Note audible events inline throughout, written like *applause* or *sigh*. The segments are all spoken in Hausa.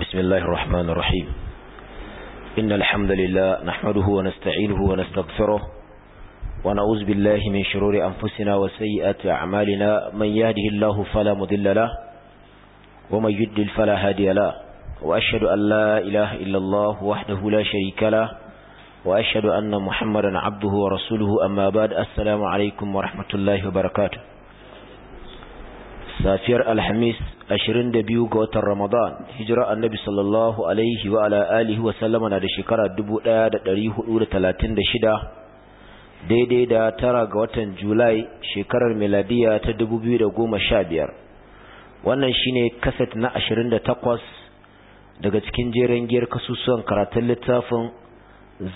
بسم الله الرحمن الرحيم إن الحمد لله نحمده ونستعينه ونستغفره ونعوذ بالله من شرور أنفسنا وسيئات أعمالنا من يهده الله فلا مضل له ومن يدل فلا هادي له وأشهد أن لا إله إلا الله وحده لا شريك له وأشهد أن محمدا عبده ورسوله أما بعد السلام عليكم ورحمة الله وبركاته safiyar alhamis 22 ga watan ramadan hijira annabi sallallahu alaihi wa ala alihi wa sallama na da shekara 1436 daidai da tara ga watan julai shekarar miladiya ta 2015 wannan shine kaset na 28 daga cikin jeren giyar kasusuwan karatun littafin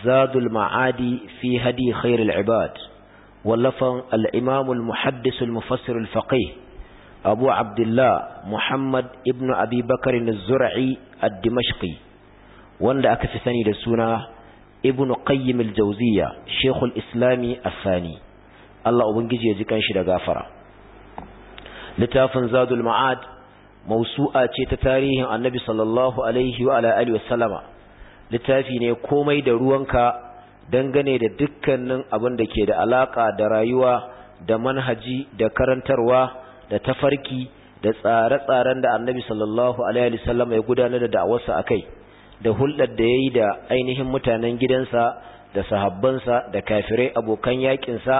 zadul ma'adi fi hadi khairul ibad wallafan al imamul muhaddisul mufassirul faqih أبو عبد الله محمد ابن أبي بكر الزرعي الدمشقي وند أكفثني لسنة ابن قيم الجوزية شيخ الإسلام الثاني الله أبنجي يجيكا شد غافرة لتافن زاد المعاد موسوعة تتاريه النبي صلى الله عليه وعلى آله وسلم littafi ne komai da ruwanka dangane da dukkanin abin da ke da alaka da rayuwa da manhaji da karantarwa da tafarki da tsare-tsaren da annabi sallallahu alaihi wasallam ya gudanar da da'awarsa akai da hulɗar da yayi da ainihin mutanen gidansa da sahabbansa da kafirai abokan yakinsa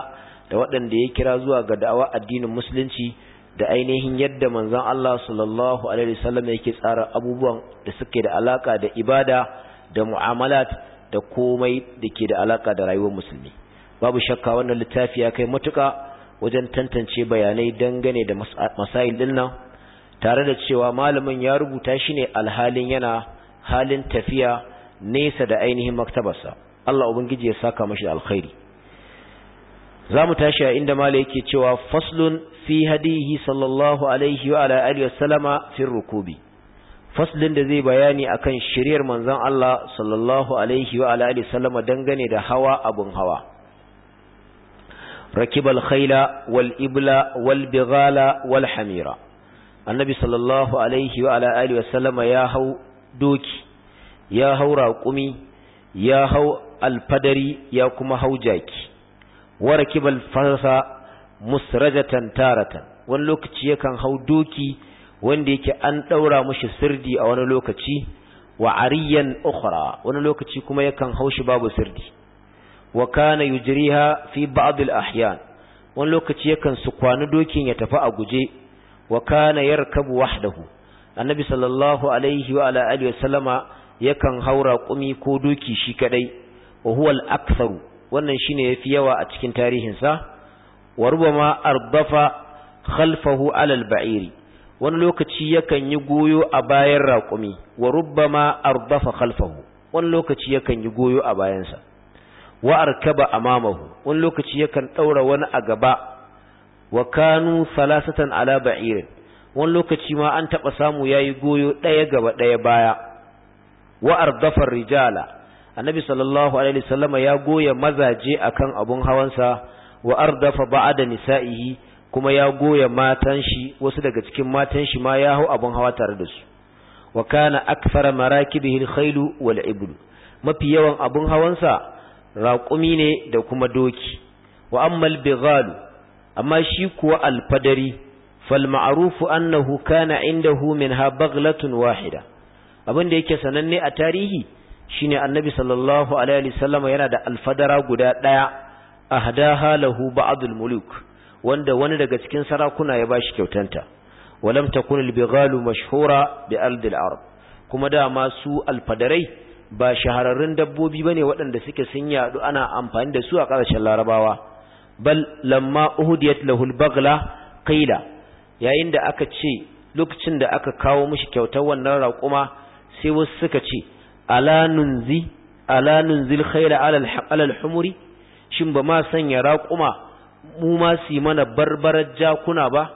da waɗanda ya kira zuwa ga da'awa addinin musulunci da ainihin yadda manzon Allah sallallahu alaihi wasallam yake tsara abubuwan da suke da alaka da ibada da mu'amalat da komai da ke da alaka da rayuwar musulmi babu shakka wannan littafi ya kai matuƙa wajen tantance bayanai dangane da masail din nan tare da cewa malamin ya rubuta shi ne alhalin yana halin tafiya nesa da ainihin maktabarsa Allah ubangiji ya saka mashi alkhairi za mu tashi a inda malai yake cewa faslun fi hadihi sallallahu alaihi wa ala alihi wasallama fi rukubi faslin da zai bayani akan shiriyar manzon Allah sallallahu alaihi wa ala alihi wasallama dangane da hawa abun hawa Rakibar khaila wal ibla wal bighala wal hamira annabi sallallahu alaihi wa ala alihi wasallama ya hau doki ya hau raƙumi ya hau alfadari ya kuma hau jaki wa rakibar fasa musrajatan taratan wani lokaci yakan hau doki wanda yake an ɗaura mushi sirdi a wani lokaci wa ariyan ukhra wani lokaci kuma yakan hau shi babu sirdi wa kana yujriha fi ba'd al-ahyan wani lokaci yakan su kwana dokin ya tafi a guje wa kana yarkabu wahdahu annabi sallallahu alaihi wa ala alihi wasallama yakan haura kumi ko doki shi kadai wa huwa al-aktharu wannan shine yafi yawa a cikin tarihin sa wa rubama ardafa khalfahu ala al-ba'iri wani lokaci yakan yi goyo a bayan raƙumi wa rubbama ardafa khalfahu wani lokaci yakan yi goyo a bayansa wa arkaba amamahu wani lokaci yakan daura wani a gaba wa kanu salasatan ala ba'ir wani lokaci ma an taba samu yayi goyo daya gaba daya baya wa ardafa rijala annabi sallallahu alaihi wasallam ya goya mazaje akan abun hawansa wa ardafa ba'da nisa'ihi kuma ya goya matan shi wasu daga cikin matan shi ma ya hau abun hawa tare da su wa kana akthara marakibihi alkhailu wal ibl mafi yawan abun hawansa raƙumi ne da kuma doki wa ammal bighalu amma shi kuwa alfadari fal ma'rufu annahu kana indahu minha baghlatun wahida abin da yake sananne a tarihi shine annabi sallallahu alaihi wasallam yana da alfadara guda daya ahdaha lahu ba'dul muluk wanda wani daga cikin sarakuna ya bashi kyautanta walam takun al bighalu mashhura bi ardil arab kuma da su alfadarai ba shahararrun dabbobi bane waɗanda suke sun yadu ana amfani da su a ƙasashen larabawa bal lamma uhudiyat lahul bagla qila yayin da aka ce lokacin da aka kawo mishi kyautar wannan raƙuma sai wasu suka ce ala nunzi ala nunzil khaira ala humuri shin ba ma sanya raƙuma mu ma su mana barbarar jakuna ba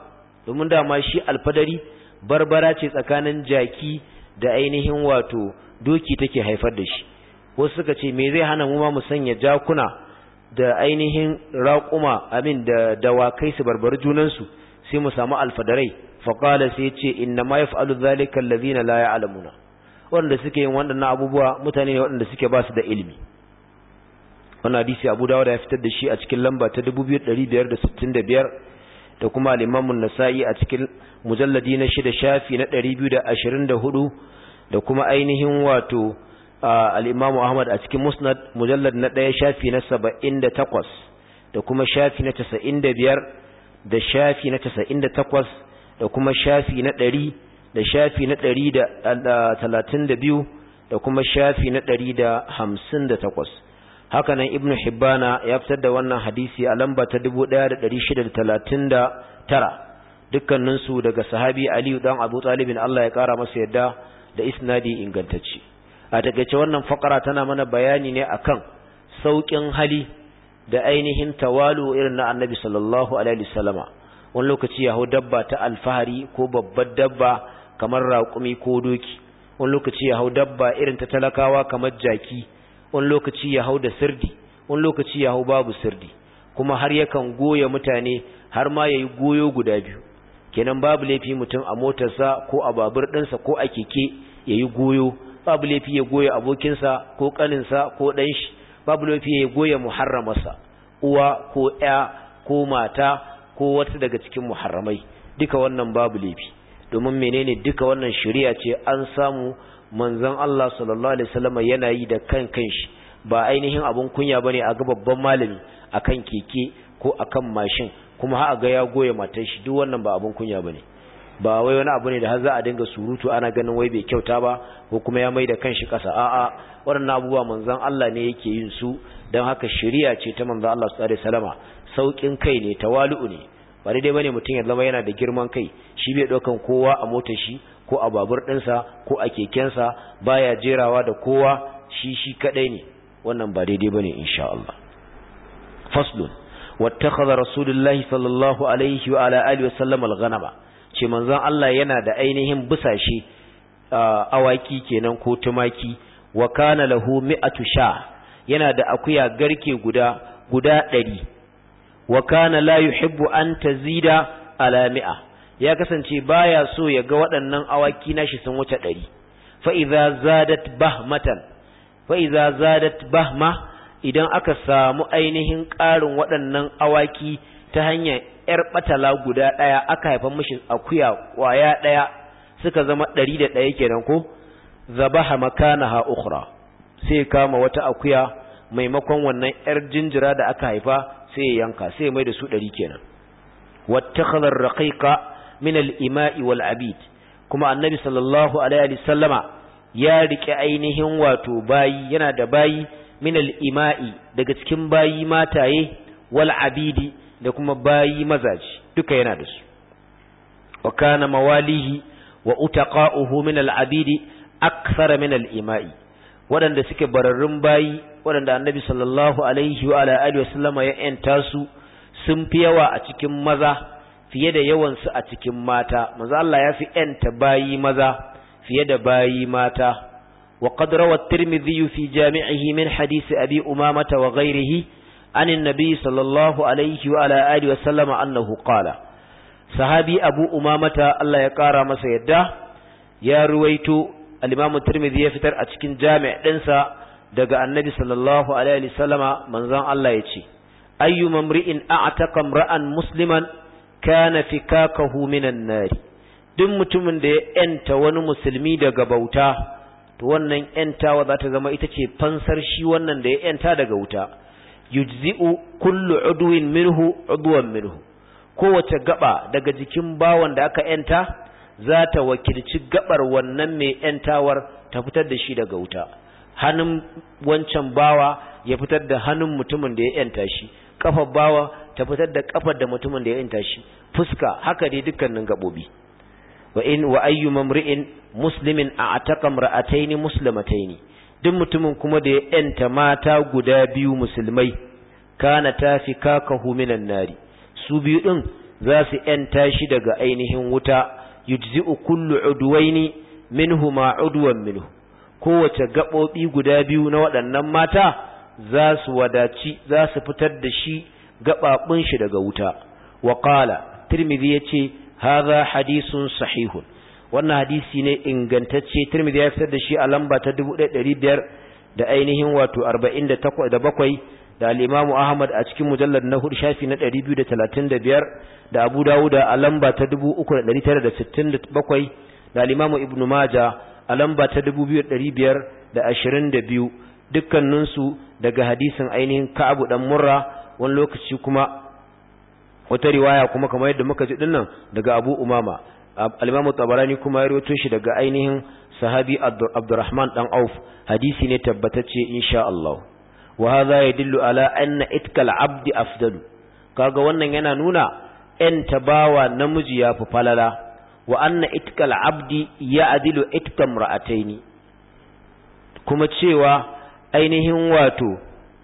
domin dama shi alfadari barbara ce tsakanin jaki da ainihin wato doki take haifar da shi wasu suka ce me zai hana mu ma mu sanya jakuna da ainihin raƙuma amin da dawakai su barbar junansu sai mu samu alfadarai faƙala sai ce inna ma yaf'alu zalika allazina la ya'lamuna wanda suke yin waɗannan abubuwa mutane ne waɗanda suke ba su da ilimi wannan hadisi Abu Dawud ya fitar da shi a cikin lamba ta 2565 da kuma al-Imam an-Nasa'i a cikin mujalladi na 6 shafi na 224 da kuma ainihin wato al-Imam Ahmad a cikin Musnad mujallad na ɗaya shafi na saba'in da takwas da kuma shafi na 95 da biyar da shafi na 98 da takwas da kuma shafi na ɗari da shafi na ɗari da talatin da da biyu kuma shafi na ɗari da hamsin 158 haka nan Ibn Hibbana ya fitar da wannan hadisi a lamba ta tara dukkaninsu daga sahabi Aliyu dan Abu Talib Allah ya ƙara masa yadda da isnadi ingantacce a takaice wannan fakara tana mana bayani ne akan saukin hali da ainihin tawalu irin na annabi sallallahu alaihi wasallama wani lokaci ya hau dabba ta alfahari ko babbar dabba kamar raƙumi ko doki wani lokaci ya hau dabba irin ta talakawa kamar jaki wani lokaci ya hau da sirdi wani lokaci ya hau babu sirdi kuma har yakan goya mutane har ma yayi goyo guda biyu kenan babu laifi mutum a motarsa ko a babur ɗinsa ko a keke ya yi goyo babu laifi ya goya abokinsa ko ƙaninsa ko ɗanshi babu laifi ya goya muharramarsa uwa ko ya ko mata ko wata daga cikin muharramai duka wannan babu laifi domin menene duka wannan shari'a ce an samu manzon Allah sallallahu alaihi wasallam yana yi da kan kanshi ba ainihin abun kunya bane a ga babban malami akan keke ko akan mashin kuma ha ga ya goye matar shi duk wannan ba abun kunya bane ba wai wani abu ne da har za a dinga surutu ana ganin wai bai kyauta ba ko kuma ya maida kanshi kasa a'a waɗannan abubuwa manzon Allah ne yake yin su dan haka shari'a ce ta manzon Allah sallallahu alaihi wasallama saukin kai ne tawali'u ne ba daidai bane mutum ya zama yana da girman kai shi bai daukan kowa a motar shi ko a babur ɗinsa ko a kekensa baya jerawa da kowa shi shi kadai ne wannan ba daidai bane insha Allah faslun wattakhadha rasulullahi sallallahu alaihi wa ala alihi wasallam ce manzon Allah yana da ainihin busashe. awaki kenan ko tumaki wa kana lahu mi'atu sha yana da akuya garke guda guda ɗari. wa kana la yuhibbu an tazida ala mi'a ya kasance baya so ya ga waɗannan awaki nashi sun wuce ɗari. fa idza zadat bahmatan fa idza zadat bahma idan aka samu ainihin ƙarin waɗannan awaki ta hanyar ‘yar ɓatala guda ɗaya aka haifa mashi akuya waya ɗaya suka zama ɗari da ɗaya kenan ko zabaha makanaha ukura sai kama wata akuya maimakon wannan ‘yar jinjira da aka haifa sai yanka sai mai da su ɗari kenan wattakhalar ka min al'ima'i imai wal abid kuma annabi sallallahu alaihi wasallama ya rike ainihin wato bayi yana da bayi min imai daga cikin bayi mataye wal abidi da kuma bayi mazaji duka yana da su wa kana mawalihi wa utaqa'uhu min al-abidi min imai waɗanda suke bararrun bayi waɗanda annabi sallallahu alaihi wa ala alihi wasallama ya yanta su sun fi yawa a cikin maza fiye da yawan su a cikin mata maza Allah ya fi yanta bayi maza fiye da bayi mata وقد روى الترمذي في جامعه من حديث أبي أمامة وغيره عن النبي صلى الله عليه وعلى آله وسلم أنه قال صحابي أبو أمامة الله يقارى ما سيده يا رويت الإمام الترمذي يفتر أتكين جامع دنسى دقى النبي صلى الله عليه وسلم منظام الله يتشي أي ممرئ أعتق امرأ مسلما كان فكاكه من النار دم متمن دي أنت ونمسلمي دقى بوتاه to wannan ‘yantawa za ta zama ita ce fansar shi wannan da ya ‘yanta daga wuta, yujzi'u kullu uduwin minhu uduwan minhu, kowace gaba daga jikin bawan da aka ‘yanta za ta wakilci gabar wannan mai ‘yantawar ta fitar da shi daga wuta, hannun wancan bawa ya fitar da hannun mutumin da ya ‘yanta shi, kafar bawa ta fitar da kafar da mutumin da ya ‘yanta shi, fuska haka dai dukkanin gabobi wa in wa ayyu mamri'in muslimin a'taqa imra'atayn muslimatayn duk mutumin kuma da ya yanta mata guda biyu musulmai kana tafi kakahu minan nari su biyu din za su yanta shi daga ainihin wuta yujzi'u kullu udwaini minhuma udwan minhu kowace gabobi guda biyu na waɗannan mata za su wadaci za su fitar da shi gababun shi daga wuta wa qala tirmidhi yace hadha hadisun sahihun wannan hadisi ne ingantacce Tirmidhi ya fitar da shi a lamba ta 1500 da ainihin wato 48 da bakwai da al-Imam Ahmad a cikin mujallad na hudu shafi na 235 da Abu Dawud a lamba ta 3967 da al-Imam Ibn Majah a lamba ta 2522 dukkaninsu daga hadisin ainihin Ka'ab dan Murra wani lokaci kuma wata riwaya kuma kamar yadda muka ji dinnan daga Abu Umama al-Imam Tabarani kuma ya rawaito shi daga ainihin sahabi Abdurrahman dan Auf hadisi ne tabbatacce insha Allah wa hadha yadullu ala anna itkal abdi afdalu kaga wannan yana nuna en tabawa namiji yafi falala wa anna itkal abdi ya'dilu itkam ra'ataini kuma cewa ainihin wato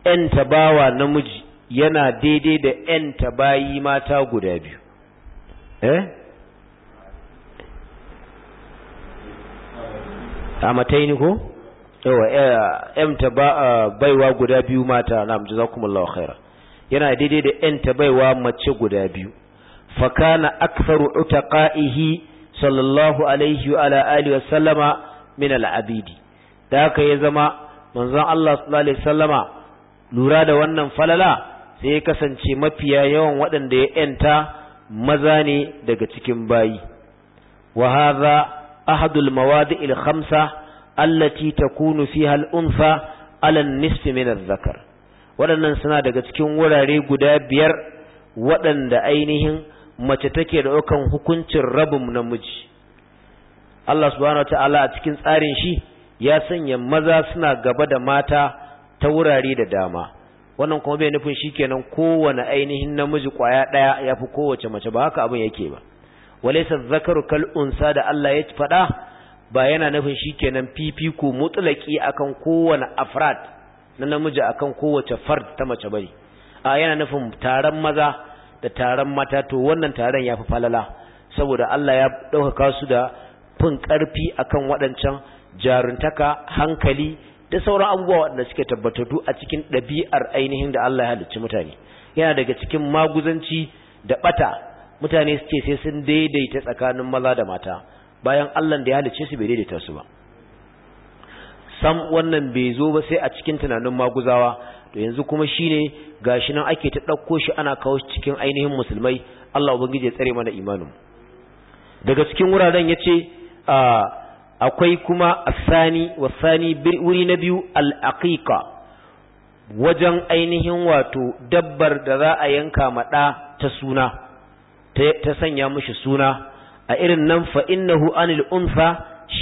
en tabawa namiji yana daidai da ‘yanta bayi mata guda biyu. Eh? A mataini ko? Yawa, eh, ‘yanta eh, baiwa guda biyu mata na amince za kuma lawa khaira. Yana daidai da ‘yanta baiwa mace guda biyu. Fakana aksaru utaqa'ihi sallallahu alaihi wa alaali wa sallama min al'abidi. Da haka ya zama manzan Allah sallallahu alaihi wa sallama lura da wannan falala sai ya kasance mafiya yawan waɗanda ya ‘yanta maza ne daga cikin bayi. Wa haza ahadul mawadi'il khamsa allati takunu fiha al-unsa ala nisfi min zakar Waɗannan suna daga cikin wurare guda biyar waɗanda ainihin mace take da ɗaukan hukuncin rabin namiji. Allah subhanahu ta'ala a cikin tsarin shi ya sanya maza suna gaba da mata ta wurare da dama. wannan kuma bai nufin shikenan kowane ainihin namiji kwaya daya yafi kowace mace ba haka abin yake ba walaysa zakaru kal unsa da Allah ya faɗa ba yana nufin shikenan fifiko mutlaki akan kowane afrad na namiji akan kowace fard ta mace bari. a yana nufin taron maza da taron mata to wannan taron yafi falala saboda Allah ya dauka su da fin karfi akan waɗancan jaruntaka hankali da sauran abubuwa waɗanda suke tabbatatu a cikin ɗabi'ar ainihin da Allah ya halicci mutane yana daga cikin maguzanci da ɓata mutane suke sai sun daidaita tsakanin maza da mata bayan Allah da ya halicce su bai daidaita su ba sam wannan bai zo ba sai a cikin tunanin maguzawa to yanzu kuma shine gashi nan ake ta ɗauko shi ana kawo shi cikin ainihin musulmai Allah ubangiji ya tsare mana imanin daga cikin wuraren ya ce a ah, akwai kuma asani wasani wuri na biyu al'aƙiƙa wajen ainihin wato dabbar da za a yanka maɗa ta suna ta sanya mashi suna a irin nan fa'innahu anil unfa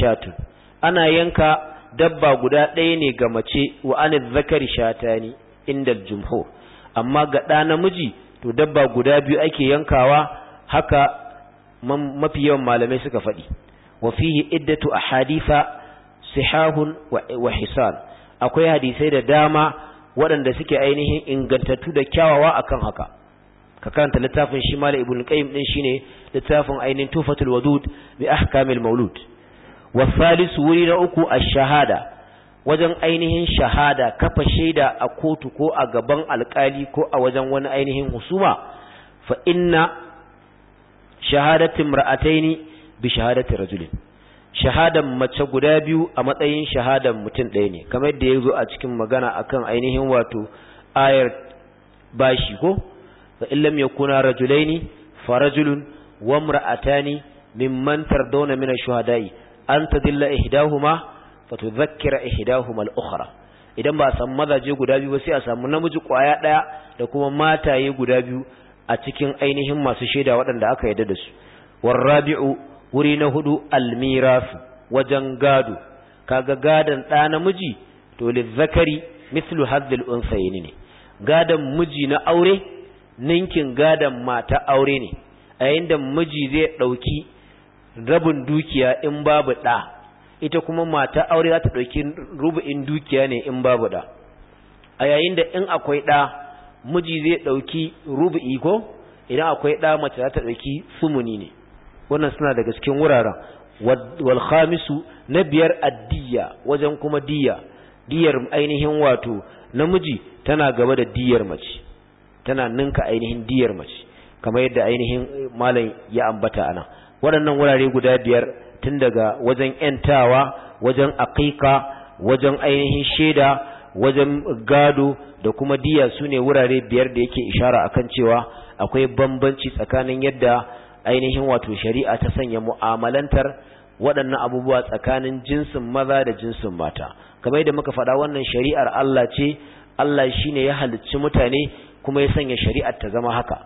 shatun ana yanka dabba guda ɗaya ne ga mace wa anil zakari shatani inda Jumho, amma ga ɗa namiji to dabba guda biyu ake yankawa haka mafi yawan malamai suka faɗi wafihi وفيه عدة أحاديث صحاح وحسان akwai hadisai da dama waɗanda suke ainihin ingantattu da kyawawa akan haka ka karanta littafin shi mala ibn qayyim din shine littafin ainihin tufatul wadud bi ahkamil maulud wa thalith wuri na uku a shahada wajen ainihin shahada kafa shaida a kotu ko a gaban alkali ko a wajen wani ainihin husuma fa inna shahadatin ra'ataini bi shahadati rajulin shahadan mace guda biyu a matsayin shahadan mutum ɗaya ne kamar yadda ya zo a cikin magana akan ainihin wato ayar bashi ko fa illam yakuna rajulaini fa rajulun wa imra'atani mimman tardawna min ash-shuhada'i an tadilla ihdahuma fa tudhakkira ihdahuma al-ukhra idan ba a samu mazaje guda biyu ba sai a samu namiji kwaya ɗaya da kuma mataye guda biyu a cikin ainihin masu shaida waɗanda aka yarda da su warrabi'u wuri na hudu almirasu wajen gado kaga gadon ɗa namiji to Zakari, mislu hazzil unsayni ne gadon miji na aure ninkin gadon mata aure ne a yayin da miji zai ɗauki rabin dukiya in babu ɗa ita kuma mata aure za ta ɗauki rubu'in dukiya ne in babu ɗa a yayin da in akwai ɗa miji zai ɗauki rubu'i ko idan akwai ɗa mace za ta ɗauki sumuni ne wannan suna daga cikin wuraren wal khamisu na biyar addiya wajen kuma diya diyar ainihin wato namiji tana gaba da diyar mace tana ninka ainihin diyar mace kamar yadda ainihin malam ya ambata ana waɗannan wurare guda biyar tun daga wajen ‘yantawa wajen aqiqa wajen ainihin shaida wajen gado da kuma diya sune wurare biyar da yake ishara akan cewa akwai bambanci tsakanin yadda ainihin wato shari'a ta sanya mu'amalantar waɗannan abubuwa tsakanin jinsin maza da jinsin mata kamar yadda muka faɗa wannan shari'ar Allah ce Allah shine ya halicci mutane kuma ya sanya shari'ar ta zama haka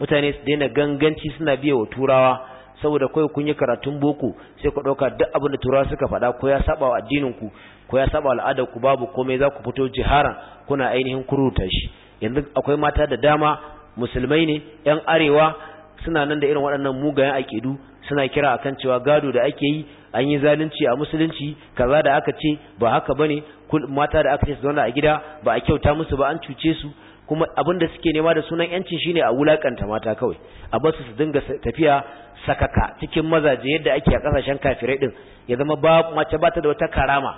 mutane su daina ganganci suna biya wa turawa saboda kai kun yi karatun boko sai ku ɗauka duk abin da turawa suka faɗa ko ya saba wa addinin ku ko ya saba al'adar ku babu komai za ku fito jiharan kuna ainihin kuruta shi yanzu akwai mata da dama musulmai ne yan arewa suna nan da irin waɗannan mugayen aƙidu suna kira akan cewa gado da ake yi an yi zalunci a musulunci kaza da aka ce ba haka bane mata da aka ce su zauna a gida ba a kyauta musu ba an cuce su kuma abin da suke nema da sunan yanci shine a wulakanta mata kawai a basu su dinga tafiya sakaka cikin mazaje yadda ake a kasashen kafirai din ya zama ba mace ba ta da wata karama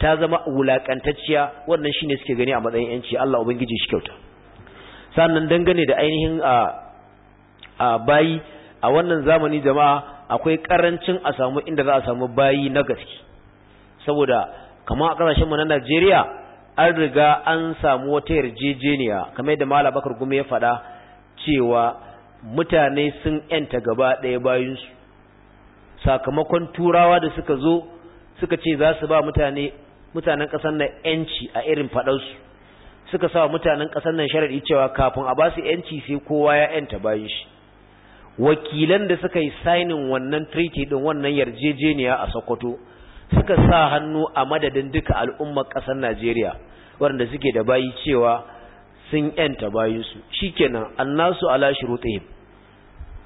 ta zama wulakantacciya wannan shine suke gani a matsayin yanci Allah ubangiji shi kyauta sannan dangane da ainihin a ah, a bayi a wannan zamani jama'a akwai karancin a samu inda za a samu bayi na gaske saboda kama a kasashen na Najeriya an riga an samu wata yarjejeniya kamar yadda Malam Bakar Gume ya faɗa cewa mutane sun yanta gaba ɗaya bayinsu sakamakon turawa da suka zo suka ce za su ba mutane mutanen ƙasar nan yanci a irin faɗansu suka sa mutanen ƙasar nan sharaɗi cewa kafin a ba su yanci sai kowa ya yanta bayin shi wakilan da suka yi sainin wannan treaty din wannan yarjejeniya a Sokoto suka sa hannu a madadin duka al'ummar ƙasar Najeriya waɗanda suke da bayi cewa sun yanta bayinsu shikenan annasu ala shurutihim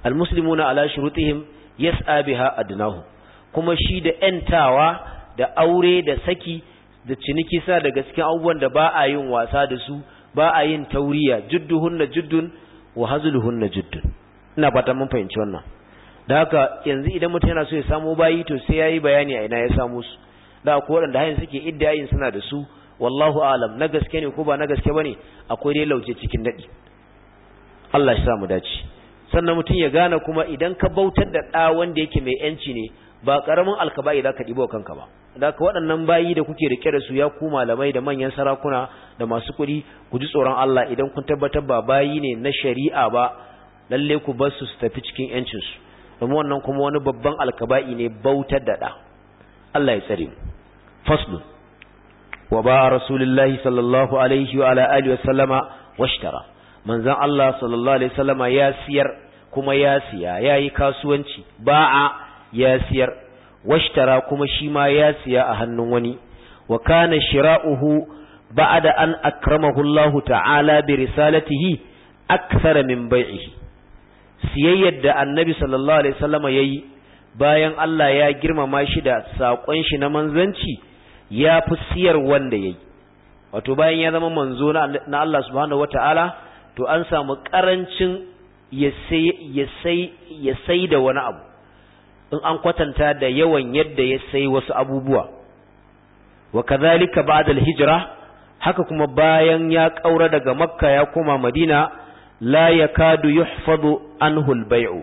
almuslimuna ala shurutihim yas'a biha adnahu kuma shi da yantawa da aure da saki da ciniki sa daga cikin abubuwan da ba a yin wasa da su ba a yin tauriya judduhunna juddun wa hazluhunna juddun ina fatan mun fahimci wannan da haka yanzu idan mutum yana so ya samu bayi to sai yayi bayani a ina ya samu su da akwai waɗanda hayin suke iddayin suna da su wallahu alam na gaske ne ko ba na gaske bane akwai dai lauje cikin daɗi. Allah ya mu dace sannan mutum ya gane kuma idan ka bautar da ɗa wanda yake mai yanci ne ba karamin alkaba'i za ka ɗibo kanka ba da ka waɗannan bayi da kuke rike da su ya ku malamai da manyan sarakuna da masu kuɗi ku ji tsoron Allah idan kun tabbatar ba bayi ne na shari'a ba lalle ku ba su su tafi cikin 'yancinsu. su domin wannan kuma wani babban alkaba'i ne bautar da da Allah ya tsare mu faslu wa ba rasulullahi sallallahu alaihi wa ala alihi wa sallama washtara manzon Allah sallallahu alaihi wasallama ya siyar kuma ya siya Ya yi kasuwanci ba'a ya siyar washtara kuma shi ma ya siya a hannun wani wa kana shira'uhu ba'da an akramahu Allah ta'ala bi risalatihi akthara min bai'ihi siyayyar da annabi sallallahu alaihi wasallama yayi bayan Allah ya girmama shi da saƙon shi na manzanci ya fi siyar wanda yayi wato bayan ya zama manzo na Allah subhanahu wataala to an samu karancin ya sai da wani abu in an kwatanta da yawan yadda ya sai wasu abubuwa wa kadhalika ba'da al-hijra haka kuma bayan ya kaura daga makka ya koma madina la yakadu yuhfadu anhu albay'u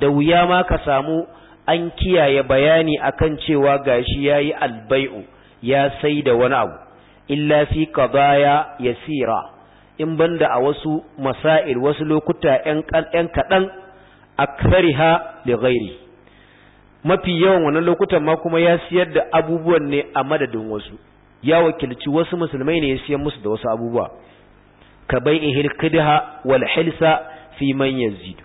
da wuya ma ka samu an kiyaye bayani akan cewa gashi yayi albay'u ya sai da wani abu illa fi qadaya yasira in banda a wasu masail wasu lokuta kan kaɗan akthariha li ghairi mafi yawan wannan lokutan ma kuma ya siyar da abubuwan ne a madadin wasu ya wakilci wasu musulmai ne ya siyan musu da wasu abubuwa ka bai'ihil kidha wal hilsa fi man yazid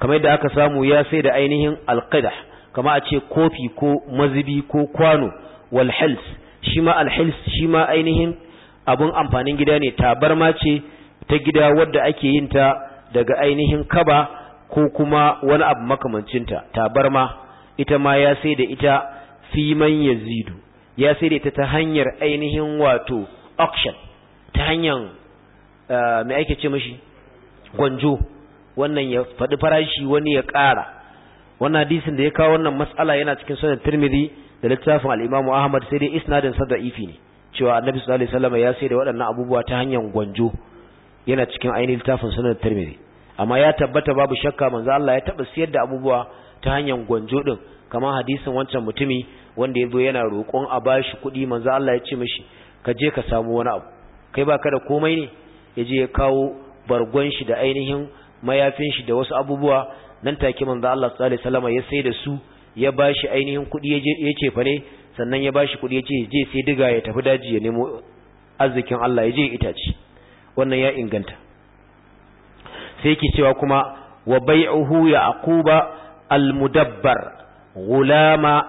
kamar da aka samu ya sai da ainihin alqidah kama a ce kofi ko mazubi ko kwano wal hils shi ma al hils shi ma ainihin abun amfanin gida ne tabarma ce ta gida wadda ake yin ta daga ainihin kaba ko kuma wani abu makamancin ta tabarma ita ma ya sai da ita fi man yazidu ya sai da ita ta hanyar ainihin wato auction ta hanyar eh, mai ake ce mashi gwanjo wannan ya faɗi farashi wani ya ƙara wannan hadisin da ya kawo wannan matsala yana cikin sunan tirmidhi da littafin al-imamu ahmad sai dai isnadin sa da'ifi ne cewa annabi sallallahu alaihi wasallam ya sai da waɗannan abubuwa ta hanyar gwanjo yana cikin ainihin littafin sunan tirmidhi amma ya tabbata babu shakka manzo Allah ya taba siyar da abubuwa ta hanyar gwanjo din kamar hadisin wancan mutumi wanda ya zo yana roƙon a bashi kuɗi manzo Allah ya ce mishi ka je ka samu wani abu kai ka da komai ne ya je ya kawo bargon shi da ainihin mayafin shi da wasu abubuwa nan take manzo Allah sallallahu alaihi ya sai da su ya bashi ainihin kuɗi ya ce fare sannan ya bashi kuɗi ya ce je sai diga ya tafi daji ya nemo arzikin Allah ya je itace wannan ya inganta sai yake cewa kuma wa bai'uhu ya aquba al-mudabbar gulama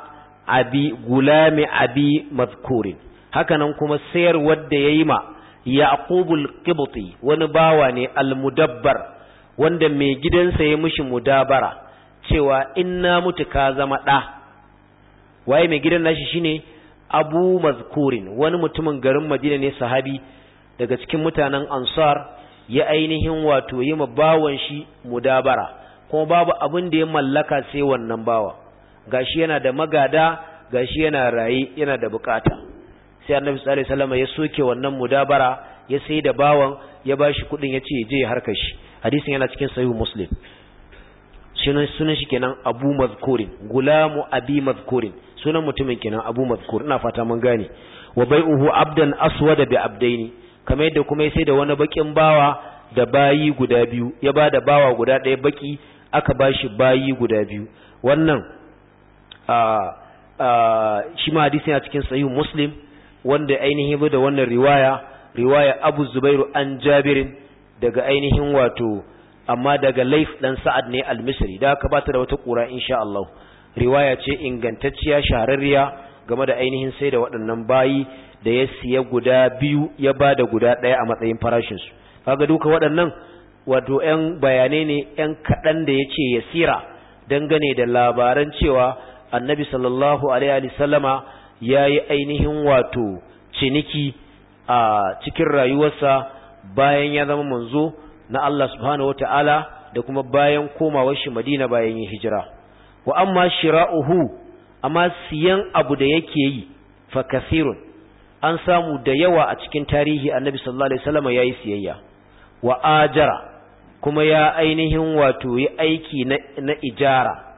abi gulami abi mazkurin hakanan kuma sayar wadda yayi ma Yakubu qibti wani bawa ne almudabbar wanda mai gidansa ya mishi mudabara cewa inna mutu ka zama da waye mai gidan nashi shine abu mazkurin wani mutumin garin madina ne sahabi daga cikin mutanen ansar ya ainihin wato yi ma bawan shi mudabara kuma babu abin da ya mallaka sai wannan bawa gashi yana da magada gashi yana raye yana da bukata sai annabi sallallahu alaihi wasallam ya soke wannan mudabara ya sai da bawan ya bashi kudin ya ce je harkar shi hadisin yana cikin sahih muslim sunan sunan shi kenan abu mazkurin gulamu abi mazkurin sunan mutumin kenan abu mazkur ina fata mun gane wa bai'uhu abdan aswada bi abdaini kamar yadda kuma ya sai da wani bakin bawa da bayi guda biyu ya ba da bawa guda ɗaya baki aka ba shi bayi guda biyu wannan ah, ah, shi ma hadisi a cikin sahih muslim wanda ainihin bi da wannan riwaya riwaya Abu Zubairu an Jabirin daga ainihin wato amma daga Laif dan Sa'ad ne al-Misri da aka bata da wata kura insha Allah riwaya ce ingantacciya shahararriya game da ainihin sai da waɗannan bayi da ya siya guda biyu ya ba da guda ɗaya a matsayin farashinsu kaga duka waɗannan wato 'yan bayanai ne 'yan kaɗan da ya ce ya sira dangane da labaran cewa annabi sallallahu alaihi sallama ya yi ainihin wato ciniki a cikin rayuwarsa bayan ya zama manzo na Allah subhanahu wata'ala da kuma bayan komawar shi Madina bayan yin hijira wa amma shira'uhu amma siyan abu da yake yi fa kasirun an samu da yawa a cikin tarihi annabi sallallahu alaihi wasallam yi siyayya wa ajara kuma ya ainihin wato yi aiki na, na ijara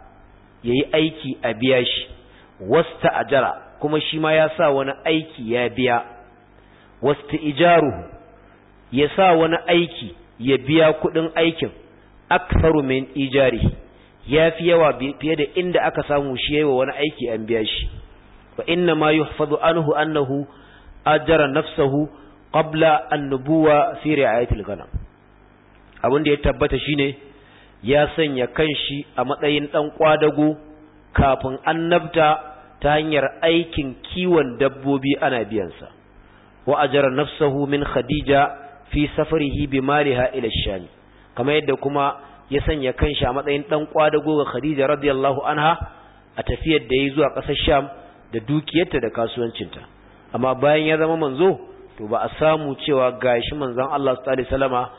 yi aiki a biya shi wasta ajara kuma shi ma ya sa wani aiki ya biya wasu ijaruhu ya sa wani aiki ya biya kuɗin aikin aksaru min ijari ya fi yawa fiye da inda aka samu shi yawa wa wani aiki an biya shi wa inna ma yi hafazu anhu annahu ajara nafsahu qabla an-nubuwa a ri'ayatil ghanam abin da ya tabbata shi ne ya sanya kanshi a matsayin dan kwadago kafin annabta ta hanyar aikin kiwon dabbobi ana biyansa wa ajara nafsahu min khadija fi safarihi bi maliha ila kamar yadda kuma ya sanya kanshi a matsayin dan kwadago ga khadija radiyallahu anha a tafiyar da yayi zuwa kasar sham da dukiyarta da kasuwancinta amma bayan ya zama manzo to ba a samu cewa gashi manzon Allah sallallahu alaihi wasallama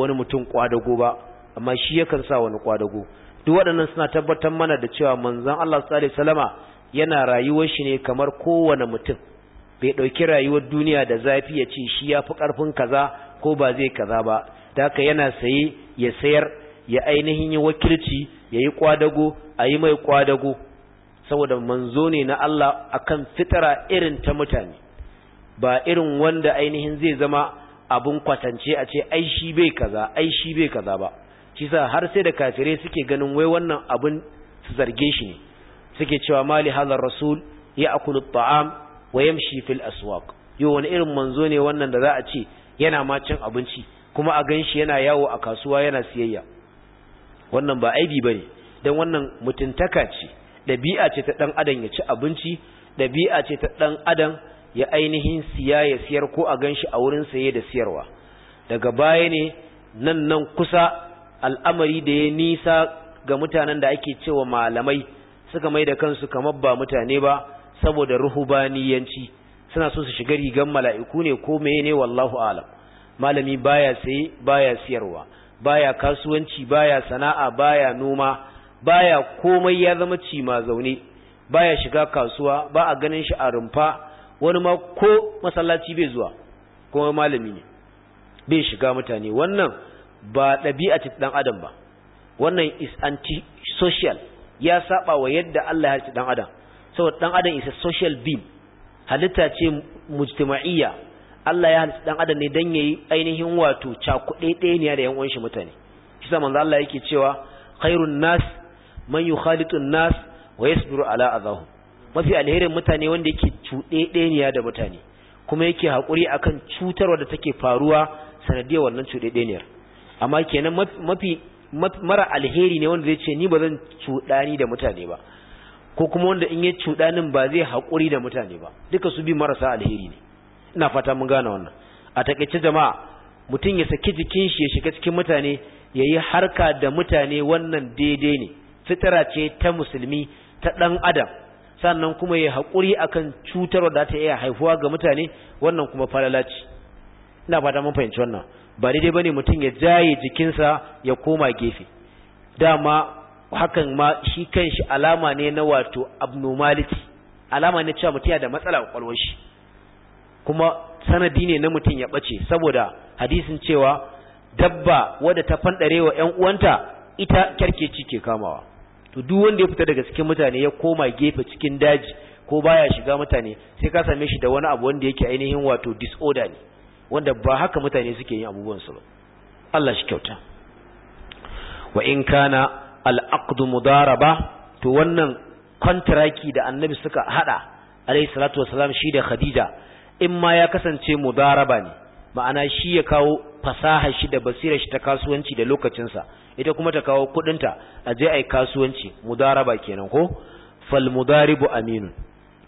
wani mutum kwadago ba amma shi yakan sa wani kwadago duk waɗannan suna tabbatar mana da cewa manzon Allah sallallahu alaihi wasallama yana rayuwar shi ne kamar kowane mutum bai ɗauki rayuwar duniya da zafi ya ce shi ya fi ƙarfin kaza ko ba zai kaza ba da haka yana saye ya sayar ya ainihin yi wakilci ya yi kwadago a yi mai kwadago saboda manzo ne na Allah akan fitara irin ta mutane ba irin wanda ainihin zai zama abun kwatance a ce ai shi bai kaza ai shi bai kaza ba shi sa har sai da kafirai suke ganin wai wannan abun su zarge shi ne suke cewa mali hazar rasul ya akulu ta'am wa yamshi fil aswaq yo wani irin manzo ne wannan da za a ce yana ma cin abinci kuma a ganshi yana yawo a kasuwa yana siyayya wannan ba aibi bane dan wannan mutuntaka ce dabi'a ce ta dan adam ya ci abinci dabi'a ce ta dan adam ya ainihin siya ya siyar ko a ganshi a wurin saye da siyarwa daga baya ne nan nan kusa al'amari da ya nisa ga mutanen da ake cewa malamai suka mai da kansu kamar ba mutane ba saboda ruhubaniyanci suna so su shiga rigar mala'iku ne ko meye ne wallahu alam malami baya saye baya siyarwa baya kasuwanci baya sana'a baya noma baya komai ya zama cima zaune baya shiga kasuwa ba a ganin shi a rumfa wani ma ko masallaci bai zuwa kuma malami ne bai shiga mutane wannan ba ɗabi'a ta ɗan adam ba wannan is anti social ya saba wa yadda Allah ya halitta dan adam saboda dan adam is a social being halitta ce mujtama'iyya Allah ya halitta dan adam ne dan yayi ainihin wato cakuɗe ɗaya ne da yan uwan shi mutane shi sa manzo Allah yake cewa khairun nas man yukhalitun nas wa yasbiru ala adahu mafi alherin mutane wanda yake cuɗe ɗaya da mutane kuma yake hakuri akan cutarwa da take faruwa sanadiyar wannan cuɗe ɗaya amma kenan mafi mara alheri ne wanda zai ce ni ba zan cuɗani da mutane ba ko kuma wanda in yi cuɗanin ba zai haƙuri da mutane ba duka su bi marasa alheri ne ina fata mun gane wannan a taƙaice jama'a mutum ya saki jikin shi ya shiga cikin mutane ya yi harka da mutane wannan daidai ne fitara ce ta musulmi ta ɗan adam sannan kuma ya haƙuri akan cutarwa da ta iya haifuwa ga mutane wannan kuma falala ce ina fata mun fahimci wannan ba daidai bane mutum ya jaye jikinsa ya koma gefe dama hakan ma shi kanshi alama ne na wato abnormality alama ne cewa mutum ya da matsala kwakwalwar shi kuma sanadi ne na mutum ya bace saboda hadisin cewa dabba wadda ta fanɗarewa yan uwanta ita kyarkeci ke kamawa to duk wanda ya fita daga cikin mutane ya koma gefe cikin daji ko baya shiga mutane sai ka same shi da wani abu wanda yake ainihin wato disorder ne wanda ba haka mutane suke yin abubuwan su ba Allah shi kyauta wa in kana al-aqdu mudaraba to wannan kontraki da annabi suka hada alayhi salatu wassalam shi da khadija in ma ya kasance mudaraba ne ma'ana shi ya kawo fasahar shi da basirar shi ta kasuwanci da lokacinsa ita kuma ta kawo kudinta a je ai kasuwanci mudaraba kenan ko fal mudaribu aminu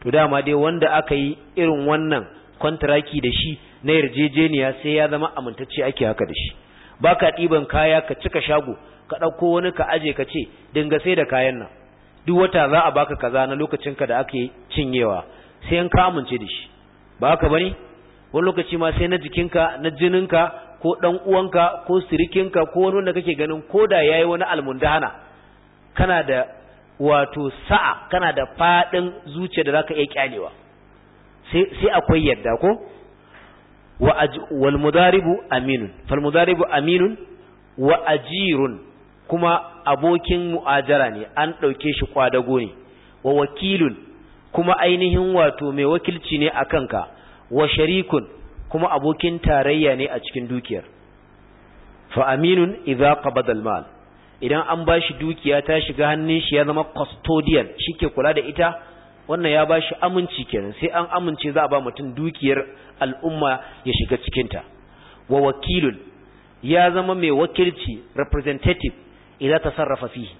to dama dai wanda aka yi irin wannan kontraki da shi na yarjejeniya sai ya zama amintacce ake haka da shi ba ka ɗiban kaya ka cika shago ka ɗauko wani ka aje ka ce dinga sai da kayan nan duk wata za a baka kaza na lokacinka da ake cinyewa sai an ka amince da shi ba haka bane wani lokaci ma sai na jikinka na jininka ko ɗan uwanka ko sirikinka ko wani wanda kake ganin ko da yayi wani almundana kana da wato sa'a kana da faɗin zuciya da za ka iya kyalewa sai sai akwai yadda ko wal mudaribu aminun fal mudaribu wa ajirun kuma abokin mu'ajara ne an ɗauke shi kwadago ne wa wakilun kuma ainihin wato mai wakilci ne a kanka wa sharikun kuma abokin tarayya ne a cikin dukiyar fa aminun idza qabada al-mal idan an bashi dukiya ta shiga hannun shi ya zama custodian shike kula da ita wannan ya ba shi aminci kenan sai an amince za a ba mutum dukiyar al'umma ya shiga cikinta wa wakilun ya zama mai wakilci representative idan ta sarrafa fihi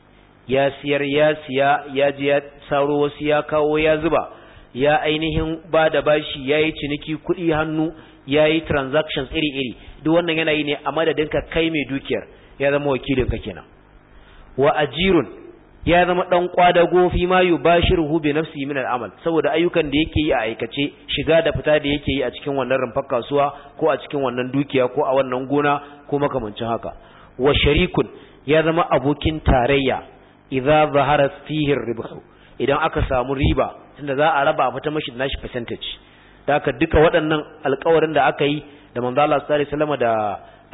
ya siyar ya siya ya ji ya saro wasu ya kawo ya zuba ya ainihin ba da bashi ya yi ciniki kuɗi hannu ya yi transactions iri-iri duk wannan yana yi ne a ka kai mai dukiyar ya zama wakilin ka kenan wa ajirun ya zama dan kwada gofi ma yubashiruhu bi nafsihi min al'amal saboda ayyukan da yake yi a aikace shiga da fita da yake yi a cikin wannan rumfar kasuwa ko a cikin wannan dukiya ko a wannan gona ko makamancin haka wa sharikun ya zama abokin tarayya idza zahara fihi ribhu idan aka samu riba tunda za a raba fita mashi nashi percentage da haka duka waɗannan alƙawarin da aka yi da manzo Allah sallallahu alaihi wasallam da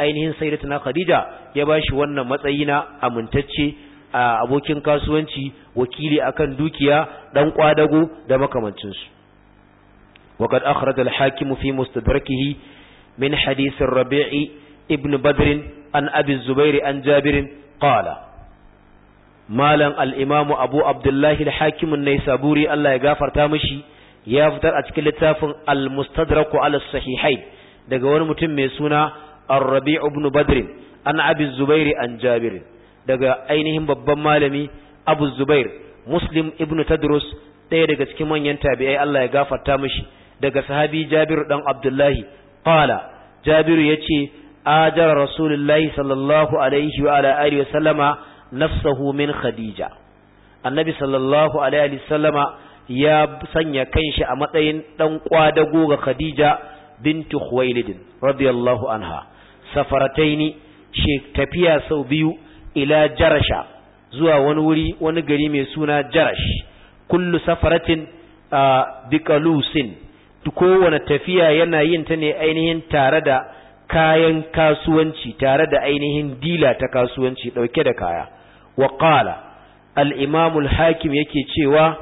ainihin sayyidatuna Khadija ya bashi wannan matsayi na amintacce a abokin kasuwanci wakili akan dukiya dan kwadago da makamancinsu. su waqad akhraj al-hakim fi mustadrakihi min hadisin ar-rabi'i ibn badr an abi zubair an jabir qala malan al-imam abu Abdullahi al-hakim an-naysaburi Allah ya gafarta mashi ya fitar a cikin littafin al-mustadrak al-sahihai daga wani mutum mai suna ar-rabi'u ibn badr an abi zubair an jabir daga ainihin babban malami abu zubair muslim ibnu tadrus ɗaya daga cikin manyan tabi'ai Allah ya gafarta mashi. daga sahabi jabiru dan abdullahi qala jabiru yace ajara rasulullahi sallallahu alaihi wa ala alihi sallama min khadija annabi sallallahu alaihi wa sallama ya sanya kanshi a matsayin dan kwadago ga khadija bintu khuwailid radiyallahu anha safarataini shi tafiya sau biyu ila jarasha zuwa wani wuri wani gari mai suna jarash kullu safaratin a biqalusin kowane tafiya yana yin ta ne ainihin tare da kayan kasuwanci tare da ainihin dila ta kasuwanci dauke da kaya wa qala al-imam al-hakim yake cewa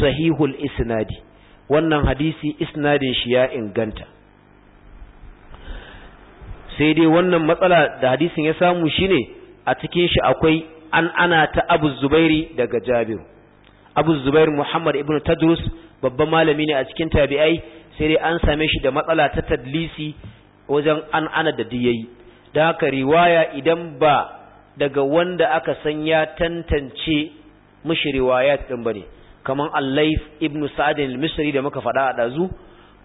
sahihul isnadi wannan hadisi isnadin shi ya inganta sai dai wannan matsala da hadisin ya samu shine a cikin shi akwai an ana ta abu zubairi daga jabir abu zubair muhammad ibn tadrus babban malami ne a cikin tabi'ai sai dai an same shi da matsala ta tadlisi wajen an ana da diyayi da haka riwaya idan ba daga wanda aka san ya tantance mishi riwaya din bane kaman al-layf ibn sa'd al-misri da muka faɗa a dazu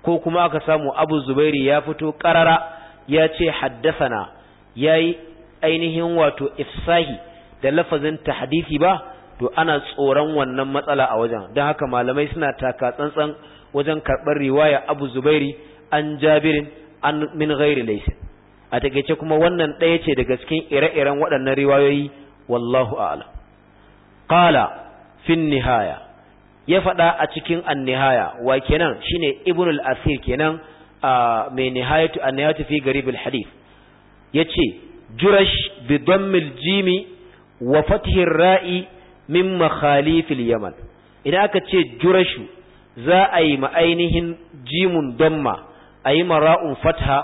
ko kuma aka samu abu zubairi ya fito karara ya ce haddasana yayi ainihin wato ifsahi da lafazin tahdisi ba to ana tsoron wannan matsala a wajen don haka malamai suna taka tsantsan wajen karɓar riwaya abu zubairi an jabirin an min ghairi laisin a takaice kuma wannan ɗaya ce daga cikin ire-iren waɗannan riwayoyi wallahu a'ala qala fin nihaya ya faɗa a cikin nihaya wa kenan shine ibn al-asir kenan a mai nihayatu nihayatu fi garib al-hadith yace jurash bi dammil jimi wa fathin ra'i min makhalifil yaman idan aka ce jurashu za a yi ma ainihin jimun damma a yi mara'un fatha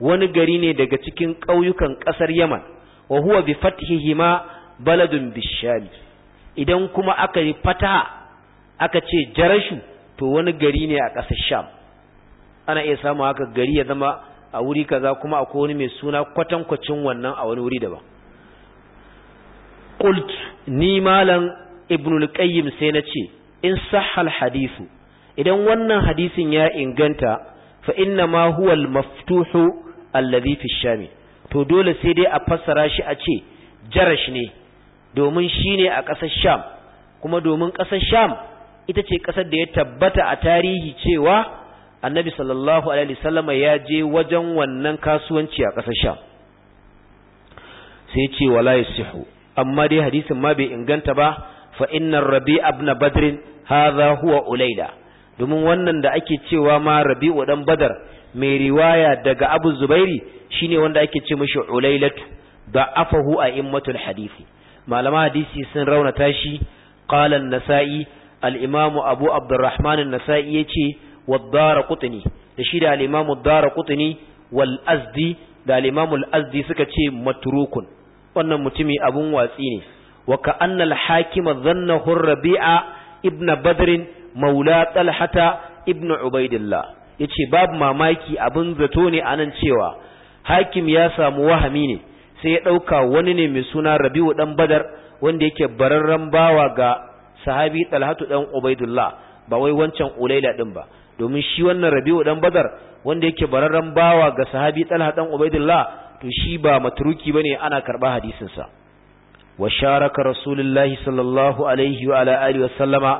wani gari ne daga cikin ƙauyukan ƙasar yaman wa huwa bi fathihima baladun bishami idan kuma aka yi fataha aka ce jarashu to wani gari ne a ƙasar sham ana iya samun hakan gari ya zama a wuri kaza kuma akwai wani mai suna kwatankwacin wannan a wani wuri daban qult ni malam ibn al-qayyim sai na ce in sahal hadisu idan wannan hadisin ya inganta fa inna ma huwa al-maftuhu alladhi fi sham to dole sai dai a fassara shi a ce jarash ne domin shine a ƙasar sham kuma domin ƙasar sham ita ce ƙasar da ya tabbata a tarihi cewa annabi sallallahu alaihi wasallam ya je wajen wannan kasuwanci a ƙasar sham sai ce wala yasihu amma dai hadisin ma bai inganta ba fa innar rabi ibn badr hadha huwa ulaida domin wannan da ake cewa ma rabi'u dan badar mai riwaya daga abu zubairi shine wanda ake ce mashi ulailatu da afahu a immatul hadisi malama hadisi sun raunata shi qala an-nasa'i al-imamu abu abdurrahman an-nasa'i yace والدار قطني تشيد الإمام الدار قطني والأزدي da al-imamul azdi suka ce matrukun wannan mutumin abin watsi ne wa ka annal hakima dhanna rabi'a ibn badrin maula talhata ibn Ya ce babu mamaki abin zato ne anan cewa hakim ya samu wahami ne sai ya ɗauka wani ne mai suna rabi'u dan badar wanda yake bararren bawa ga sahabi talhatu dan Ubaidullah ba wai wancan ulaila ɗin ba domin shi wannan rabi'u dan badar wanda yake bararren bawa ga sahabi talha dan ubaidillah to shi ba matruki bane ana karba hadisin sa wa sharaka rasulullahi sallallahu alaihi wa ala alihi wa sallama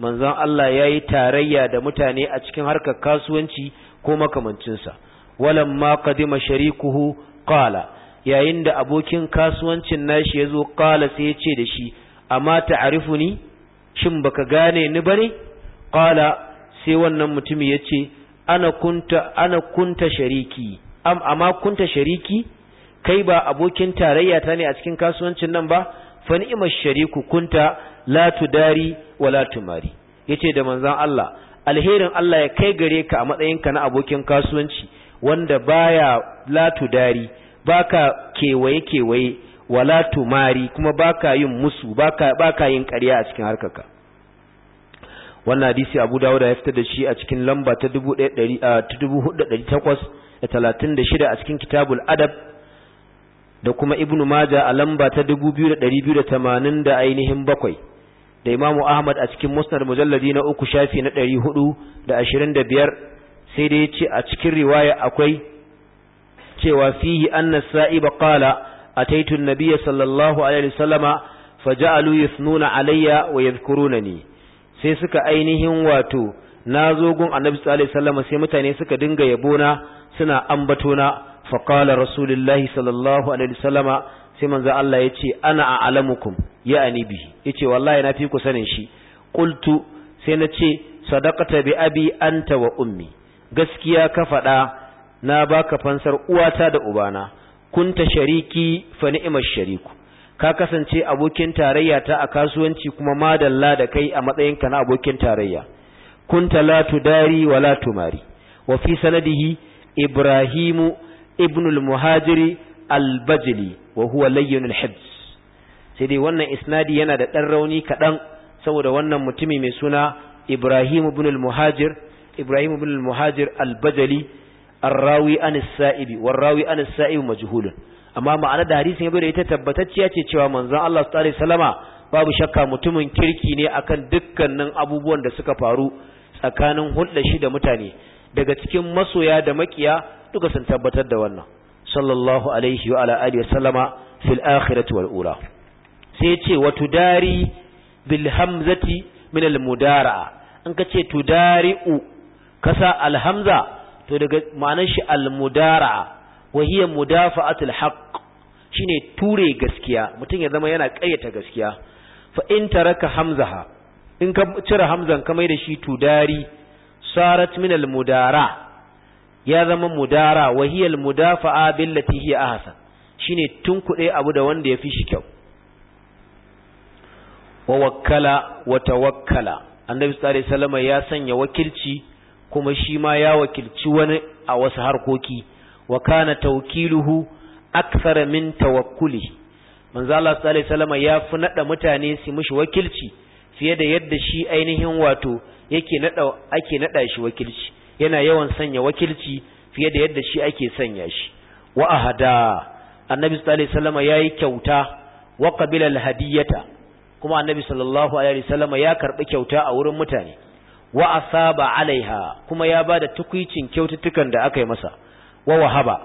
manzon Allah yayi tarayya da mutane a cikin harkar kasuwanci ko makamancin sa walamma qadima sharikuhu qala yayin da abokin kasuwancin nashi yazo qala sai yace da shi amma tarifuni shin baka gane ni bane qala sai wannan mutumi ya ce ana kunta ana kunta shariki amma kunta shariki kai ba abokin tarayya ta ne a cikin kasuwancin nan ba fa ni'ma shariku kunta la tudari wa la tumari yace da manzon Allah alherin Allah ya kai gare ka a matsayinka na abokin kasuwanci wanda baya la tudari baka kewaye kewaye wala tumari kuma baka yin musu baka baka yin ƙarya a cikin harkarka wannan hadisi abu dawuda ya fitar da shi a cikin lamba ta 4836 a cikin kitabul adab da kuma Ibn maja a lamba ta 2280 da ainihin bakwai da imamu ahmad a cikin musnad mujalladi na uku shafi na 425 sai dai ce a cikin riwaya akwai cewa fihi anna sa'iba qala ataitu an-nabiy sallallahu alaihi wasallama faja'alu yathnuna alayya wa yadhkurunani sai suka ainihin wato na zo annabi sallallahu alaihi wasallam sai mutane suka dinga yabo na suna na fa qala rasulullahi sallallahu alaihi wasallama sai manzo Allah yace ana a'lamukum ya anibi yace wallahi na fi ku sanin shi qultu sai na ce sadaqata bi abi anta wa ummi gaskiya ka faɗa na baka fansar uwata da ubana kunta shariki fa ni'mar shariku ka kasance abokin tarayya ta a kasuwanci kuma madalla da kai a matsayinka na abokin tarayya kunta la tudari wa la tumari wa fi sanadihi ibrahimu ibn al-muhajiri al-bajli wa huwa layyin al-hibs sai dai wannan isnadi yana da dan rauni kadan saboda wannan mutumi mai suna ibrahim ibn al-muhajir ibrahim ibn al-muhajir al-bajli الراوي عن السائب والراوي عن السائب مجهول amma ma'anar da hadisin ya bai da ita tabbatacciya ce cewa manzon Allah sallallahu alaihi wasallama babu shakka mutumin kirki ne akan dukkanin abubuwan da suka faru tsakanin hulɗa shi da mutane daga cikin masoya da makiya duka sun tabbatar da wannan sallallahu alaihi wa ala alihi wasallama fil akhirati wal ula sai ya ce wa tudari bil hamzati min al mudara in ka ce tudari'u kasa al hamza to daga ma'anar shi al wahiyar mudafa'atul haqq shine ture gaskiya mutum ya zama yana ƙaryata gaskiya fa in taraka hamzaha in ka cire hamzan ka mai da shi tudari sarat min al mudara ya zama mudara wahiyar mudafa'a billati hiya ahsan shine tunkuɗe abu da wanda ya fi shi kyau wa wakkala wa tawakkala annabi sallallahu alaihi ya sanya wakilci kuma shi ma ya wakilci wani a wasu harkoki wa kana tawkiluhu akthara min tawakkuli manzo Allah sallallahu alaihi wasallam ya fi nada mutane su mishi wakilci fiye da yadda shi ainihin wato yake nada ake nada shi wakilci yana yawan sanya wakilci fiye da yadda shi ake sanya shi wa ahada annabi sallallahu alaihi wasallam yayi kyauta wa qabila alhadiyata kuma annabi sallallahu alaihi wasallam ya karbi kyauta a wurin mutane wa asaba alaiha kuma ya bada tukuicin kyaututtukan da aka yi masa wa wahaba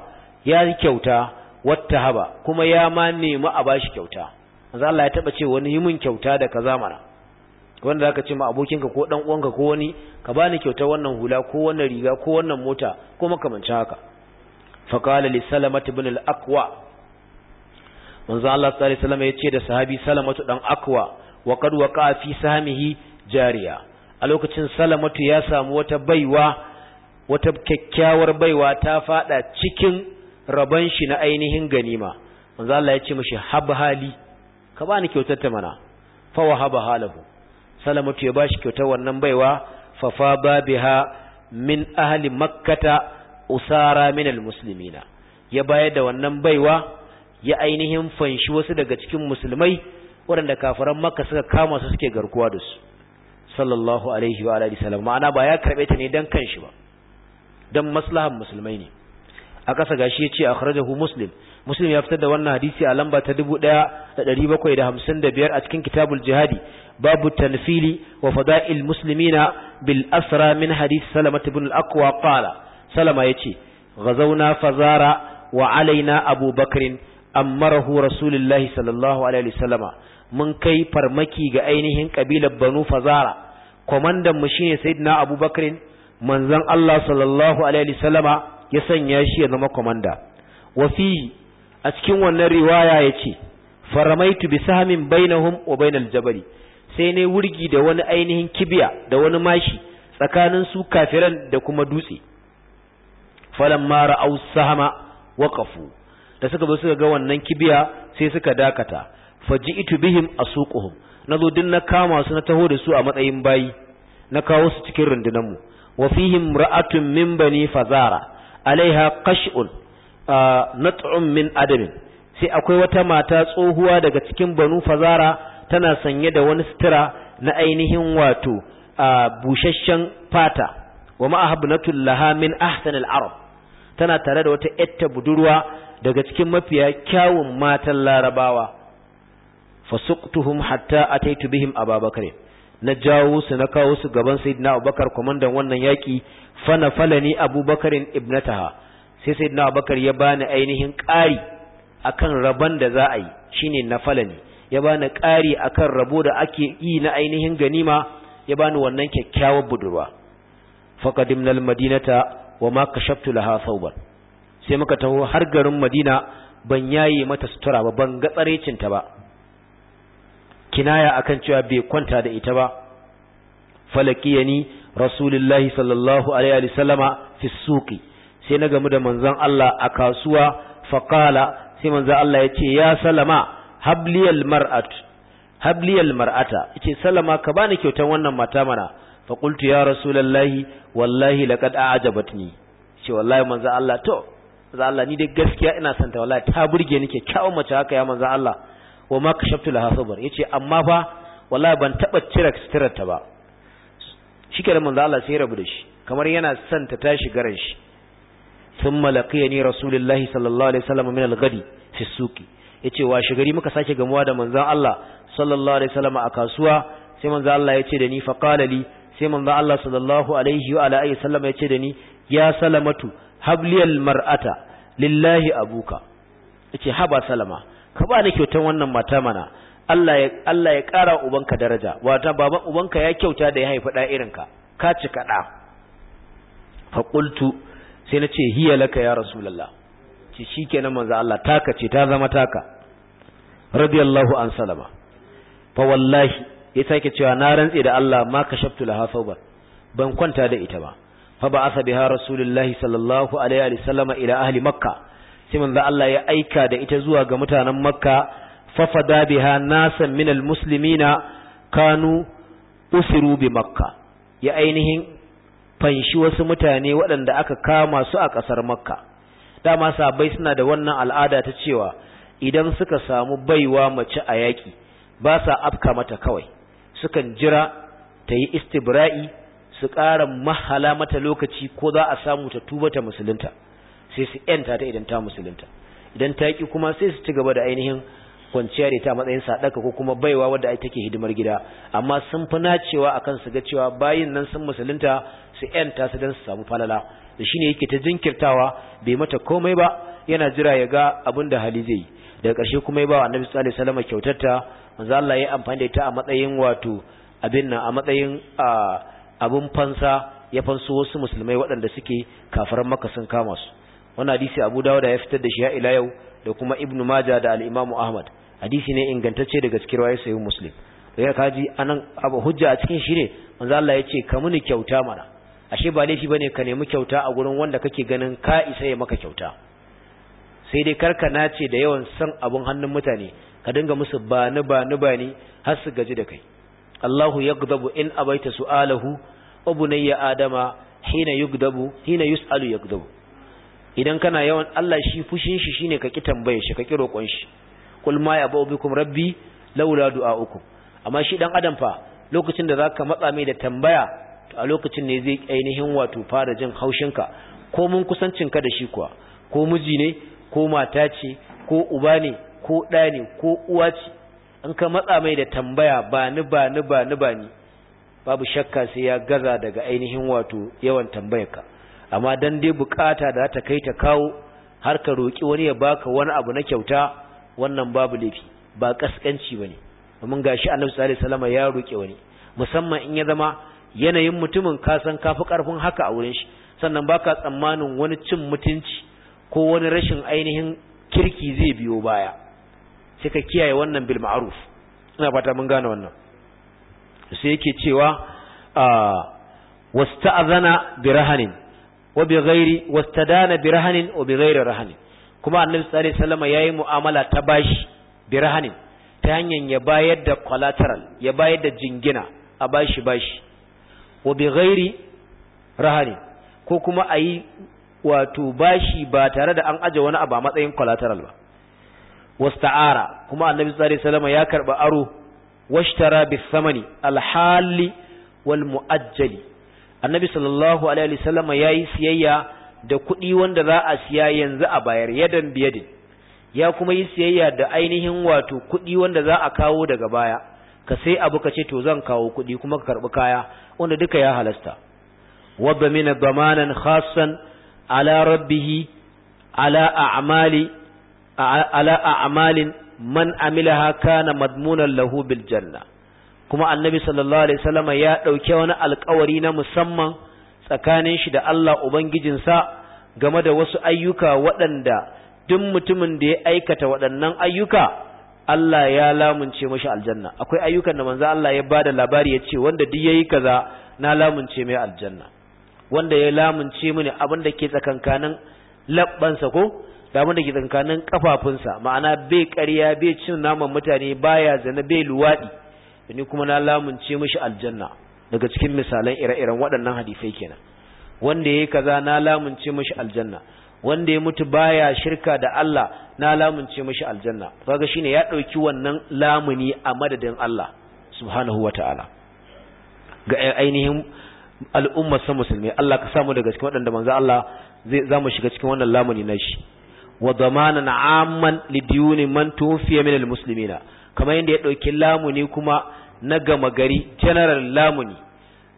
ya yi kyauta wata haba kuma ya ma nemi a bashi kyauta manzo Allah ya taba ce wani yi min kyauta da kaza mana wanda zaka ce ma abokinka ko dan uwanka ko wani ka bani kyauta wannan hula ko wannan riga ko wannan mota ko makamancin haka fa qala li salamat ibn al aqwa manzo Allah sallallahu alaihi wasallam ya ce da sahabi salamatu dan aqwa wa kad waqa fi sahmihi jariya a lokacin salamatu ya samu wata baiwa wata kyakkyawar baiwa ta fada cikin rabon shi na ainihin ganima manzo Allah ya ce mishi habhali ka bani kyautar ta mana fa wahaba halahu salamatu ya bashi kyautar wannan baiwa fa fa babiha min ahli makkata usara min almuslimina ya bayar da wannan baiwa ya ainihin fanshi wasu daga cikin musulmai waɗanda kafiran makka suka kama su suke garkuwa da su sallallahu alaihi wa alihi wasallam ma'ana ba ya karbe ta ne dan kanshi ba dan maslahan musulmai ne a ƙasa gashi yace akhrajahu muslim muslim ya fitar da wannan hadisi a lamba ta 1755 a cikin kitabul jihadi babu tanfili wa fada'il muslimina bil asra min hadith salama ibn al aqwa qala salama yace ghazawna fazara wa alaina abu bakrin amarahu rasulullahi sallallahu alaihi wasallama mun kai farmaki ga ainihin kabilar banu fazara komandan mu shine sayyidina abubakrin manzon Allah sallallahu alaihi wasallama ya sanya shi ya zama komanda wa a cikin wannan riwaya ce. faramaitu bi sahmin bainahum wa bainal jabali sai ne wurgi da wani ainihin kibiya da wani mashi tsakanin su kafiran da kuma dutse falamma ra'aw sahama waqafu da suka zo suka ga wannan kibiya sai suka dakata faji'tu bihim asuquhum nazo din na kama su na taho da su a matsayin bayi na kawo su cikin rundunar mu wa fihim ra'atun min bani fazara alaiha qash'un nat'un min adamin sai akwai wata mata tsohuwa daga cikin banu fazara tana sanye da wani sutura na ainihin wato busasshen fata wa ma'ahabnatul laha min ahsanil arab tana tare da wata yatta budurwa daga cikin mafiya kyawun matan larabawa tuhum hatta a bihim ababakar na jawo su na kawo su gaban sayyidina abubakar kwamandan wannan yaƙi fana falani abubakarin ibnataha sai sayyidina abubakar ya bani ainihin ƙari akan rabon da za a yi shine na falani ya bani ƙari akan rabo da ake yi na ainihin ganima ya bani wannan kyakkyawar budurwa madinata wa ma kashaftu laha thawban sai muka taho har garin madina ban yayi mata sutura ba ban ga tsarecinta ba kinaya akan cewa bai kwanta da ita ba falakiyani rasulullahi sallallahu alaihi wa sallama fi suqi sai na gamu da manzon Allah a kasuwa faqala sai manzon Allah ya ce ya salama habliyal mar'at habliyal mar'ata yace salama ka bani kyautan wannan mata mana fa qultu ya rasulullahi wallahi laqad a'jabatni ce wallahi manzon Allah to manzon Allah ni dai gaskiya ina santa wallahi ta burge nake kyawun mace haka ya manzon Allah wa ma kashaftu laha sabar yace amma fa wallahi ban taba cire sitirar ta ba da manzo Allah sai rabu da shi kamar yana son ta tashi garan shi thumma laqiyani rasulullahi sallallahu alaihi wasallam min al-ghadi fi suqi yace wa shigari muka sake gamuwa da manzon Allah sallallahu alaihi wasallam a kasuwa sai manzo Allah yace da ni fa qala li sai manzo Allah sallallahu alaihi wa alihi wasallam yace da ni ya salamatu habliyal mar'ata lillahi abuka yace haba salama ka ba ni kyautan wannan mata mana Allah ya Allah ya ƙara ubanka daraja wata baban ubanka ya kyauta da ya haifa da irin ka ka ci kaɗa fa qultu sai nace hiya laka ya rasulullah ce shikenan manzo Allah taka ce ta zama taka radiyallahu an salama fa wallahi ya sake cewa na rantse da Allah ma kashaftu laha sauba ban kwanta da ita ba fa ba asabiha rasulullahi sallallahu alaihi wa sallama ila ahli makkah sai manzo Allah ya aika da ita zuwa ga mutanen makka fafada biha nasan min almuslimina kanu usiru bi makka ya ainihin fanshi wasu mutane waɗanda aka kama su a ƙasar makka dama sabai suna da wannan al'ada ta cewa idan suka samu baiwa mace a yaƙi ba sa afka mata kawai sukan jira ta yi istibra'i su ƙara mahala mata lokaci ko za a samu ta tuba ta musulunta sai su yanta ta idan ta musulunta idan ta ƙi kuma sai su ci gaba da ainihin kwanciya da ta matsayin sadaka ko kuma baiwa wadda ai take hidimar gida amma sun fi nacewa akan su ga cewa bayin nan sun musulunta su yanta su dan su samu falala da shine yake ta jinkirtawa bai mata komai ba yana jira ya ga abin da hali zai daga karshe kuma ya ba wa annabi sallallahu alaihi wasallam kyautarta manzo Allah ya amfani da ta a matsayin wato abin nan a matsayin abun fansa ya fansu wasu musulmai waɗanda suke kafaran maka sun kama su wannan hadisi Abu Dawud ya fitar da shi har ila yau da kuma Ibn Majah da al-Imam Ahmad hadisi ne ingantacce daga cikin riwayar Sahih Muslim to ya kaji anan abu hujja a cikin shi ne manzo Allah ya ce ka muni kyauta mana ashe ba laifi bane ka nemi kyauta a gurin wanda kake ganin ka isa ya maka kyauta sai dai karka nace da yawan san abun hannun mutane ka dinga musu ba ni ba ni ba ni har su gaji da kai Allahu yaghdabu in abaita su'alahu wa bunayya adama hina yugdabu hina yus'alu yaghdabu idan kana yawan Allah shi fushin shi shine ka ki tambaye shi ka ki roƙon shi kul ma ya'bu bikum rabbi laula uku. amma shi dan adam fa lokacin da zaka matsa mai da tambaya a lokacin ne zai ainihin wato fara jin haushin ka ko mun ka da shi kuwa ko miji ne ko mata ce ko uba ne ko ɗa ne ko uwa ce in ka matsa mai da tambaya ba ni ba ni ba ni ba ni babu shakka sai ya gaza daga ainihin wato yawan tambayarka amma dan dai bukata da ta kai ta kawo har ka roki wani ya baka wani abu na kyauta wannan babu laifi ba kaskanci bane domin gashi Annabi sallallahu alaihi wasallam ya roke wani musamman in ya zama yanayin mutumin ka san kafi karfin haka a wurin shi sannan baka tsammanin wani cin mutunci ko wani rashin ainihin kirki zai biyo baya sai ka kiyaye wannan bil ma'ruf ina fata mun gane wannan sai yake cewa ah, wasta'zana birahanin wa bi ghairi wastadana bi rahanin wa bi ghairi rahanin kuma annabi sallallahu alaihi wasallam yayi mu'amala ta bashi bi rahanin ta hanyar ya bayar da collateral ya bayar da jingina a bashi bashi wa bi ghairi rahanin ko kuma ayi wato bashi ba tare da an aje wani abu a matsayin collateral ba wasta'ara kuma annabi sallallahu alaihi wasallam ya karba aro washtara bis samani al-hali wal mu'ajjali annabi sallallahu alaihi ya yayi siyayya da kuɗi wanda za a siya yanzu a bayar yadan biyadin ya kuma yi siyayya da ainihin wato kuɗi wanda za a kawo daga baya ka sai abu ka ce to zan kawo kuɗi kuma ka karɓi kaya wanda duka ya halasta wadda mina zamanan khassan ala rabbihi ala a'mali ala a'malin man amilaha kana madmunan lahu bil janna kuma annabi sallallahu alaihi wasallama ya ɗauki wani alkawari na musamman tsakanin shi da Allah ubangijinsa game da wasu ayyuka waɗanda duk mutumin da ya aikata waɗannan ayyuka Allah ya lamunce mashi aljanna akwai ayyukan da manzo Allah ya bada labari ya ce wanda duk yayi kaza na lamunce mai aljanna wanda ya lamunce mini abin da ke tsakankanin labbansa ko da abin da ke tsakankanin kafafunsa ma'ana bai ƙarya bai cin naman mutane baya zana bai luwaɗi ni kuma na lamunce mishi aljanna daga cikin misalan ire-iren waɗannan hadisai kenan wanda yayi kaza na lamunce mishi aljanna wanda ya mutu baya shirka da Allah na lamunce mishi aljanna kaga shine ya dauki wannan lamuni a madadin Allah subhanahu wataala ga ainihin al'ummar sa musulmi Allah ka samu daga cikin waɗanda manzo Allah zai zamu shiga cikin wannan lamuni na shi wa zamanan amman diyuni man tufiya min al-muslimina kamar yadda ya ɗauki lamuni kuma na gama gari general lamuni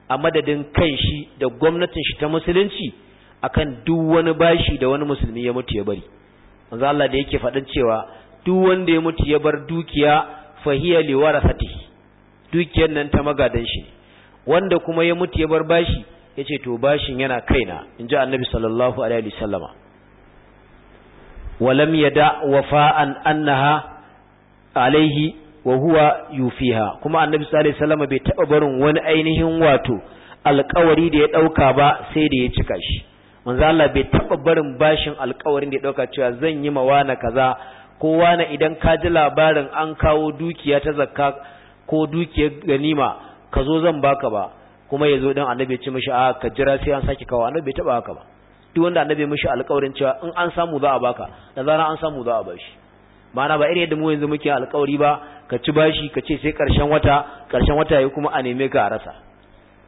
a madadin kan shi da gwamnatin shi ta musulunci akan duk wani bashi da wani musulmi ya mutu ya bari manzo Allah da yake faɗin cewa duk wanda ya mutu ya bar dukiya fahiya li warasatihi dukiyar nan ta magadan shi wanda kuma ya mutu ya bar bashi ya ce to bashin yana kaina inji annabi sallallahu alaihi wasallama walam yada wafa'an annaha alaihi wa huwa yufiha kuma annabi sallallahu alaihi wasallam bai taba barin wani ainihin wato alƙawari da ya dauka ba sai da ya cika shi manzo Allah bai taba barin bashin alƙawarin da ya dauka cewa zan yi ma wani kaza ko wani idan ka ji labarin an kawo dukiya ta zakka ko dukiya ganima ka zo zan baka ba kuma yazo dan annabi ya ce mishi a ka jira sai an saki kawo annabi bai taba haka ba duk wanda annabi mishi alƙawarin cewa in an samu za a baka da zara an samu za a bashi mana ba irin yadda mu yanzu muke alƙawari ba ka ci bashi ka ce sai ƙarshen wata ƙarshen wata yayi kuma a neme ka a rasa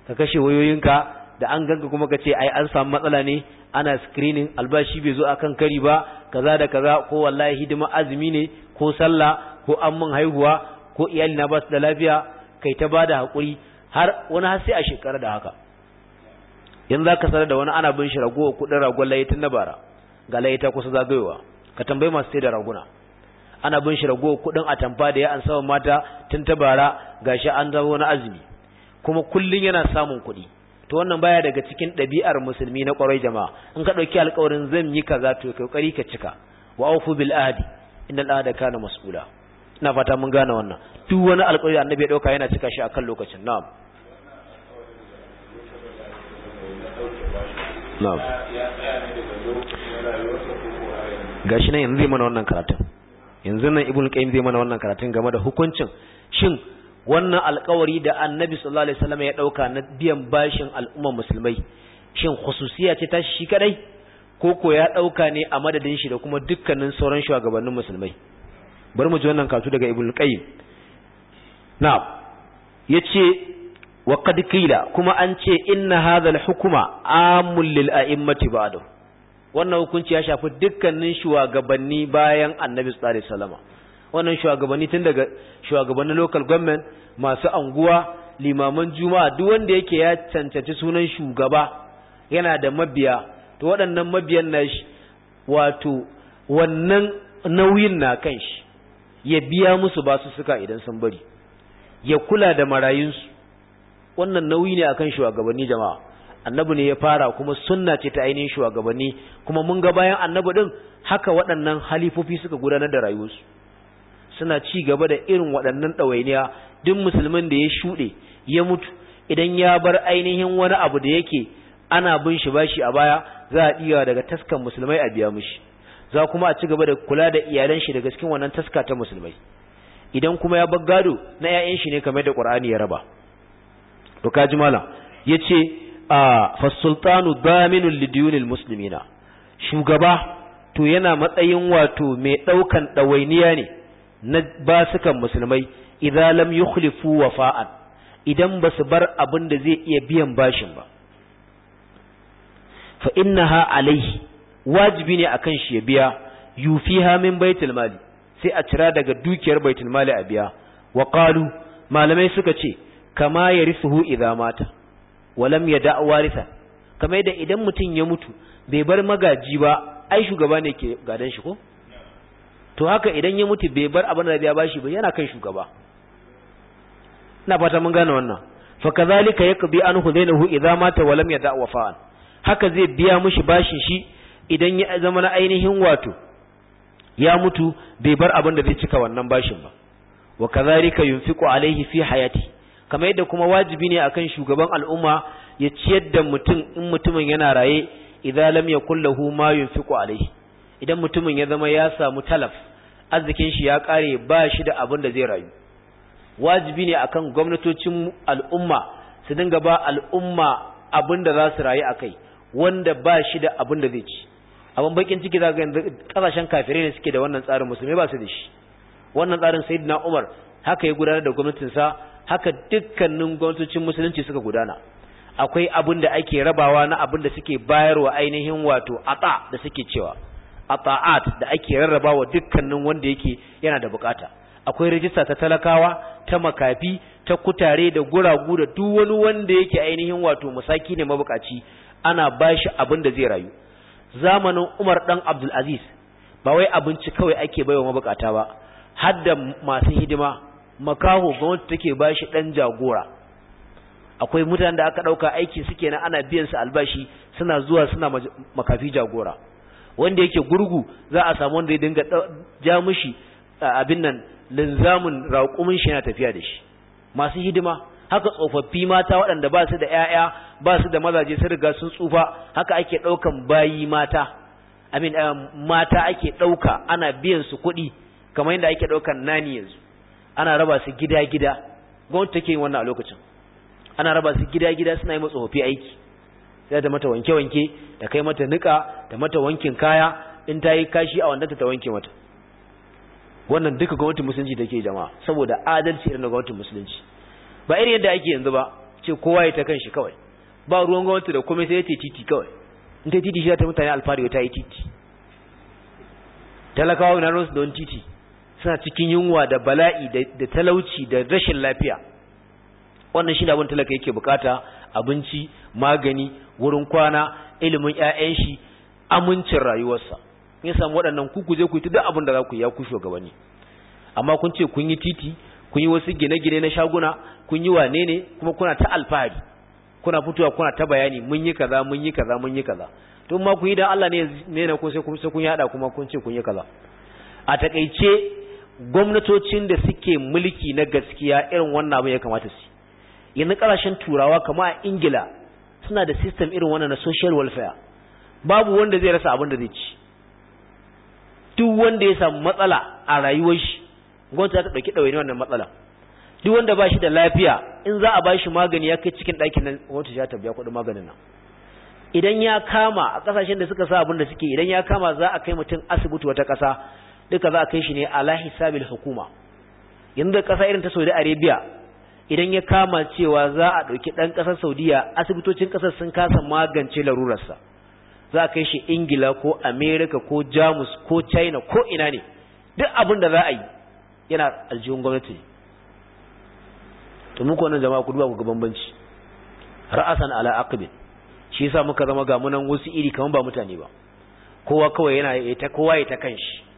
ka kashe wayoyinka da an ganka kuma ka ce ai an samu matsala ne ana screening albashi bai zo akan kari ba kaza da kaza ko wallahi hidima azumi ne ko sallah ko an mun haihuwa ko iyali na ba da lafiya kai ta bada hakuri har wani har sai a shekara da haka yanzu ka sanar da wani ana bin shi rago kudin ragon layi tun na bara ga layi ta kusa zagayowa ka tambayi masu sai da raguna ana bin shi rago kudin tamfa da ya an samu mata tun ta bara shi an zama na azumi kuma kullum yana samun kuɗi to wannan baya daga cikin ɗabi'ar musulmi na ƙwarai jama'a in ka ɗauki alƙawarin zan yi kaza to kokari ka cika wa aufu bil ahdi innal ahda kana mas'ula ina fata mun gane wannan duk wani alƙawari annabi ya ɗauka yana cika shi akan lokacin na'am na'am gashi ne yanzu zai mana wannan karatun yanzu nan ibnu qayyim zai mana wannan karatun game da hukuncin shin wannan alkawari da annabi sallallahu alaihi wasallam ya dauka na biyan bashin al'ummar musulmai shin khususiya ce ta shi kadai ko ko ya dauka ne a madadin shi da kuma dukkanin sauran shugabannin musulmai bari mu ji wannan katu daga ibnu qayyim na'am yace wa qad qila kuma an ce inna hadha hukuma hukma amul lil a'immati ba'dahu wannan hukunci ya shafi dukkanin shugabanni bayan annabi sallallahu alaihi wasallam wannan shugabanni tun daga shugabannin local government masu anguwa limaman juma'a duk wanda yake ya cancanci sunan shugaba yana da mabiya to waɗannan mabiyan na shi wato wannan nauyin na kan shi ya biya musu basu suka idan sun bari ya kula da marayunsu wannan nauyi ne akan shugabanni jama'a annabi ne ya fara kuma sunna ce ta ainihin shugabanni kuma mun ga bayan annabi din haka waɗannan halifofi suka gudanar da rayuwarsu suna ci gaba da irin waɗannan ɗawainiya duk musulmin da ya shuɗe ya mutu idan ya bar ainihin wani abu da yake ana bin shi bashi a baya za a iya daga taskan musulmai a biya mushi za kuma a ci gaba da kula da iyalan shi daga cikin wannan taska ta musulmai idan kuma ya bar gado na 'ya'yan shi ne kamar da Qur'ani ya raba to kaji mala yace a fasultanu daminun lidiyunil Musulmina, shugaba to yana matsayin wato mai ɗaukan ɗawainiya ne na basukan musulmai idan lam yukhlifu wafa'an idan ba su bar abin da zai iya biyan bashin ba fa innaha alaihi wajibi ne akan shi ya biya yufi hamin baitul mali sai a cira daga dukiyar baitul mali a biya wa malamai suka ce kama ya yarisuhu idan mata walam ya da'a warisa kamar yadda idan mutum ya mutu bai bar magaji ba ai shugaba ne ke gadan shi ko to haka idan ya mutu bai bar abin da ya bashi ba yana kan shugaba ina fata mun gane wannan fa kazalika yakbi an hudainahu idza mata walam ya da'a wafa'an haka zai biya mushi bashin shi idan ya zama na ainihin wato ya mutu bai bar abin da zai cika wannan bashin ba wa kazalika yunfiqu Alayhi fi hayati kamar yadda kuma wajibi ne akan shugaban al'umma ya ciyar da mutum in mutumin yana raye idan lam yakul lahu ma yunfiqu alayhi idan mutumin ya zama ya samu talaf arzikin shi ya kare ba shi da abin da zai rayu wajibi ne akan gwamnatocin al'umma su dinga ba al'umma abin da za su rayu akai wanda ba shi da abin da zai ci abin bakin ciki za ga yanzu kasashen kafirai ne suke da wannan tsarin musulmi ba su da shi wannan tsarin sayyidina Umar haka ya gudanar da gwamnatinsa haka dukkanin gwamnatocin musulunci suka gudana akwai abin da ake rabawa na abin da suke bayarwa ainihin wato ata da suke cewa ata'at da ake rarrabawa dukkanin wanda yake yana da bukata akwai rajista ta talakawa ta makafi ta kutare da guragu da duk wani wanda yake ainihin wato musaki ne mabukaci ana bashi abin da zai rayu zamanin Umar dan Abdulaziz ba wai abinci kawai ake baiwa mabukata ba hadda masu hidima makaho ga wanda take ba shi ɗan jagora akwai mutanen da aka ɗauka aiki suke na ana biyan su albashi suna zuwa suna makafi jagora wanda yake gurgu za a samu wanda ya dinga ja mushi abin nan linzamin raƙumin shi yana tafiya da shi masu hidima haka tsofaffi mata waɗanda ba su da 'ya'ya ba su da mazaje su riga sun tsufa haka ake ɗaukan bayi mata amin um, mata ake ɗauka ana biyan su kuɗi kamar yadda ake ɗaukan nani yanzu ana raba su gida-gida gwamnati take yin wannan a lokacin ana raba su gida-gida suna yi masa hofi aiki sai da mata wanke-wanke da kai mata nika da mata wankin kaya in ta yi kashi a wanda ta wanke mata wannan duka gwamnatin musulunci take jama'a saboda adalci irin gwamnatin musulunci ba irin yadda ake yanzu ba ce kowa ya ta kan shi kawai ba ruwan gwamnati da komai sai ya ce titi kawai in ta titi shi ta mutane alfahari ta yi titi talakawa na ruwan su don titi suna cikin yunwa da bala'i da talauci da rashin lafiya wannan shi abin talaka yake bukata abinci magani wurin kwana ilimin 'ya'yan shi amincin rayuwarsa ya samu waɗannan ku ku je ku duk abin da za ku ya kushe ku shugabanni amma kun ce kun yi titi kun yi wasu gine-gine na shaguna kun yi wane ne kuma kuna ta alfahari kuna fitowa kuna ta bayani mun yi kaza mun yi kaza mun yi kaza to ma ku yi da Allah ne ne na ko sai kun sai kun yada kuma kun ce kun yi kaza a takeice gwamnatocin da suke mulki na gaskiya irin wannan abin ya kamata su yanzu ƙarashen turawa kama a ingila suna da system irin wannan na social welfare babu wanda zai rasa abin da zai ci duk wanda ya samu matsala a rayuwar shi gwamnati ta ɗauki ɗawaini wannan matsala duk wanda ba shi da lafiya in za a ba shi magani ya kai cikin ɗakin nan gwamnati ta biya kuɗin maganin nan idan ya kama a ƙasashen da suka sa abin da suke idan ya kama za a kai mutum asibiti wata kasa. duka za a kai shi ne ala sabil hukuma yanzu ƙasa irin ta Saudi Arabia idan ya kama cewa za a ɗauki ɗan ƙasar Saudiya asibitocin ƙasar sun kasa magance larurarsa za a kai shi Ingila ko America ko Jamus ko China ko ina ne duk abin da za a yi yana aljihun gwamnati to muku wannan jama'a ku duba ku ga bambanci ra'asan ala aqbin shi yasa muka zama ga munan wasu iri kaman ba mutane ba kowa kawai yana ta kowa ya kanshi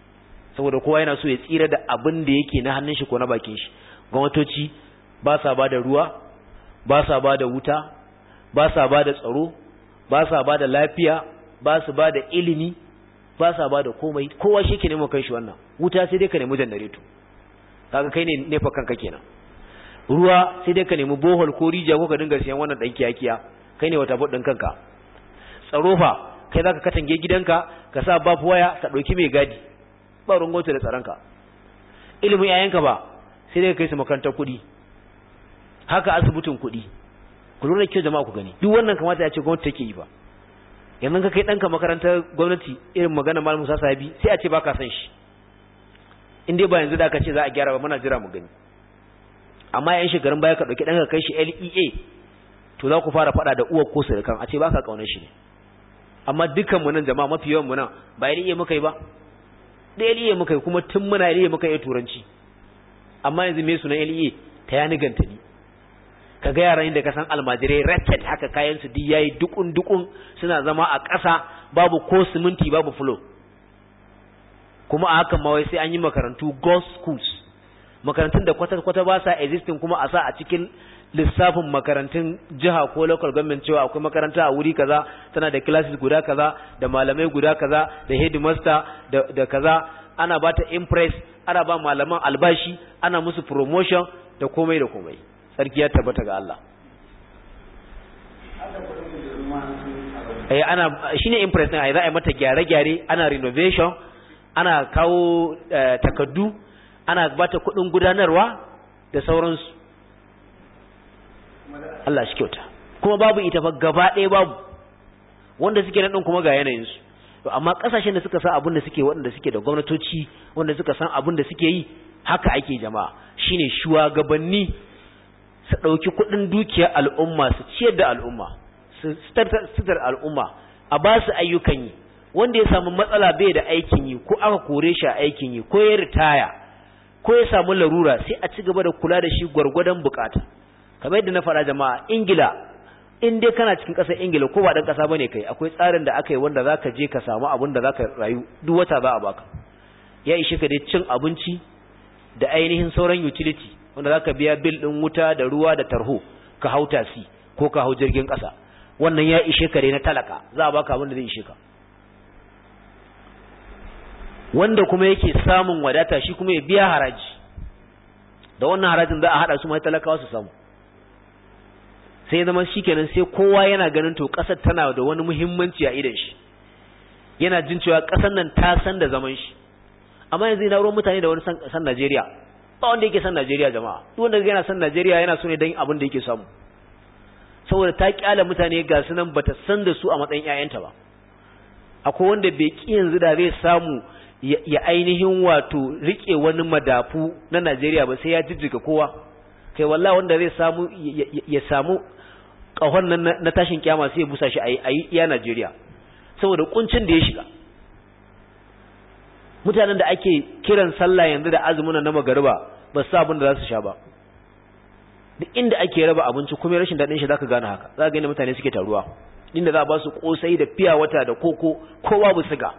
saboda kowa yana so ya tsira da abin da yake na hannun shi ko na bakin shi gwamnatoci ba sa ba da ruwa ba sa ba da wuta ba sa ba da tsaro ba sa ba da lafiya ba su ba da ilimi ba sa ba da komai kowa shi ke neman kanshi wannan wuta sai dai ka nemi janareto kaga kai ne nefa kanka kenan ruwa sai dai ka nemi bohol ko rija ko ka dinga siyan wannan dan kiyakiya kai ne wata budin kanka tsaro fa kai zaka katange gidanka ka sa babu waya ka ɗauki mai gadi ba rungoto da tsaranka ilimin yayanka ba sai dai kai su makarantar kuɗi haka asibitin kuɗi ku lura kyau jama'a ku gani duk wannan kamata ya ce gwamnati take yi ba yanzu ka kai ɗanka makarantar gwamnati irin magana malam Musa Sahabi sai a ce baka san shi in dai ba yanzu da ka ce za a gyara ba muna jira mu gani amma yan shekarun baya ka ɗauki ɗanka kai shi LEA to za ku fara faɗa da uwar ko surukan a ce baka ƙaunar shi ne amma dukkan mu nan jama'a mafi yawan mu nan ba LEA muka yi ba ɗaya liye muka kuma tun muna liye muka yi turanci amma yanzu me suna liye ta yani ni. ka ga yaran da ka san almajirai ratchet haka kayan su duk yayi dukun dukun suna zama a ƙasa babu ko siminti babu fulo. kuma a hakan ma wai sai an yi makarantu ghost schools makarantun da kwata kwata ba sa existing kuma a sa a cikin lissafin makarantun jiha ko local government cewa akwai makaranta a wuri kaza tana da classes guda kaza da malamai guda kaza da headmaster da, da kaza ana ba ta impress ana ba malaman albashi ana musu promotion da komai da komai sarki ya tabbata ga Allah eh ana shine impress din ai za a yi mata gyare-gyare ana renovation ana kawo eh, takaddu ana bata kudin gudanarwa da sauransu Allah shi kyauta kuma babu ita fa gaba ɗaya babu wanda suke nan kuma ga yanayin su to amma kasashen da suka san abin da suke waɗanda suke da gwamnatoci wanda suka san abin da suke yi haka ake jama'a shine shugabanni su ɗauki kuɗin dukiyar al'umma su ciyar da al'umma su sitar al'umma a ba su ayyukan yi wanda ya samu matsala bai da aikin yi ko aka kore shi a aikin yi ko ya ritaya ko ya samu larura sai a ci gaba da kula da shi gwargwadon bukata kamar yadda na fara jama'a ingila in dai kana cikin ƙasar ingila ko ba ɗan ƙasa ba ne kai akwai tsarin da aka yi wanda za ka je ka samu abin da za ka rayu duk wata za a baka ya ishe ka dai cin abinci da ainihin sauran utility wanda za ka biya bil ɗin wuta da ruwa da tarho ka hau tasi ko ka hau jirgin ƙasa wannan ya ishe ka dai na talaka za a baka abin da zai ishe ka wanda kuma yake samun wadata shi kuma ya biya haraji da wannan harajin za a haɗa su mai talakawa su samu sai zama shikenan sai kowa yana ganin to kasar tana da wani muhimmanci a idan shi yana jin cewa kasar nan ta san da zaman shi amma yanzu na ruwan mutane da wani san Najeriya ba wanda yake san Najeriya jama'a duk wanda yana san Najeriya yana so ne dan abin da yake samu saboda ta kyala mutane ga su nan bata san da su a matsayin ƴaƴanta ba akwai wanda bai ki yanzu da zai samu ya ainihin wato rike wani madafu na Najeriya ba sai ya jijjiga kowa kai wallahi wanda zai samu ya samu ƙahon nan na tashin kiyama sai ya busa shi a yi iya Najeriya saboda kuncin da ya shiga mutanen da ake kiran sallah yanzu da azumin na magariba ba su abin da za su sha ba duk inda ake raba abinci kuma rashin daɗin shi zaka gane haka za zaka gane mutane suke taruwa inda za a ba su kosai da fiya wata da koko kowa bu siga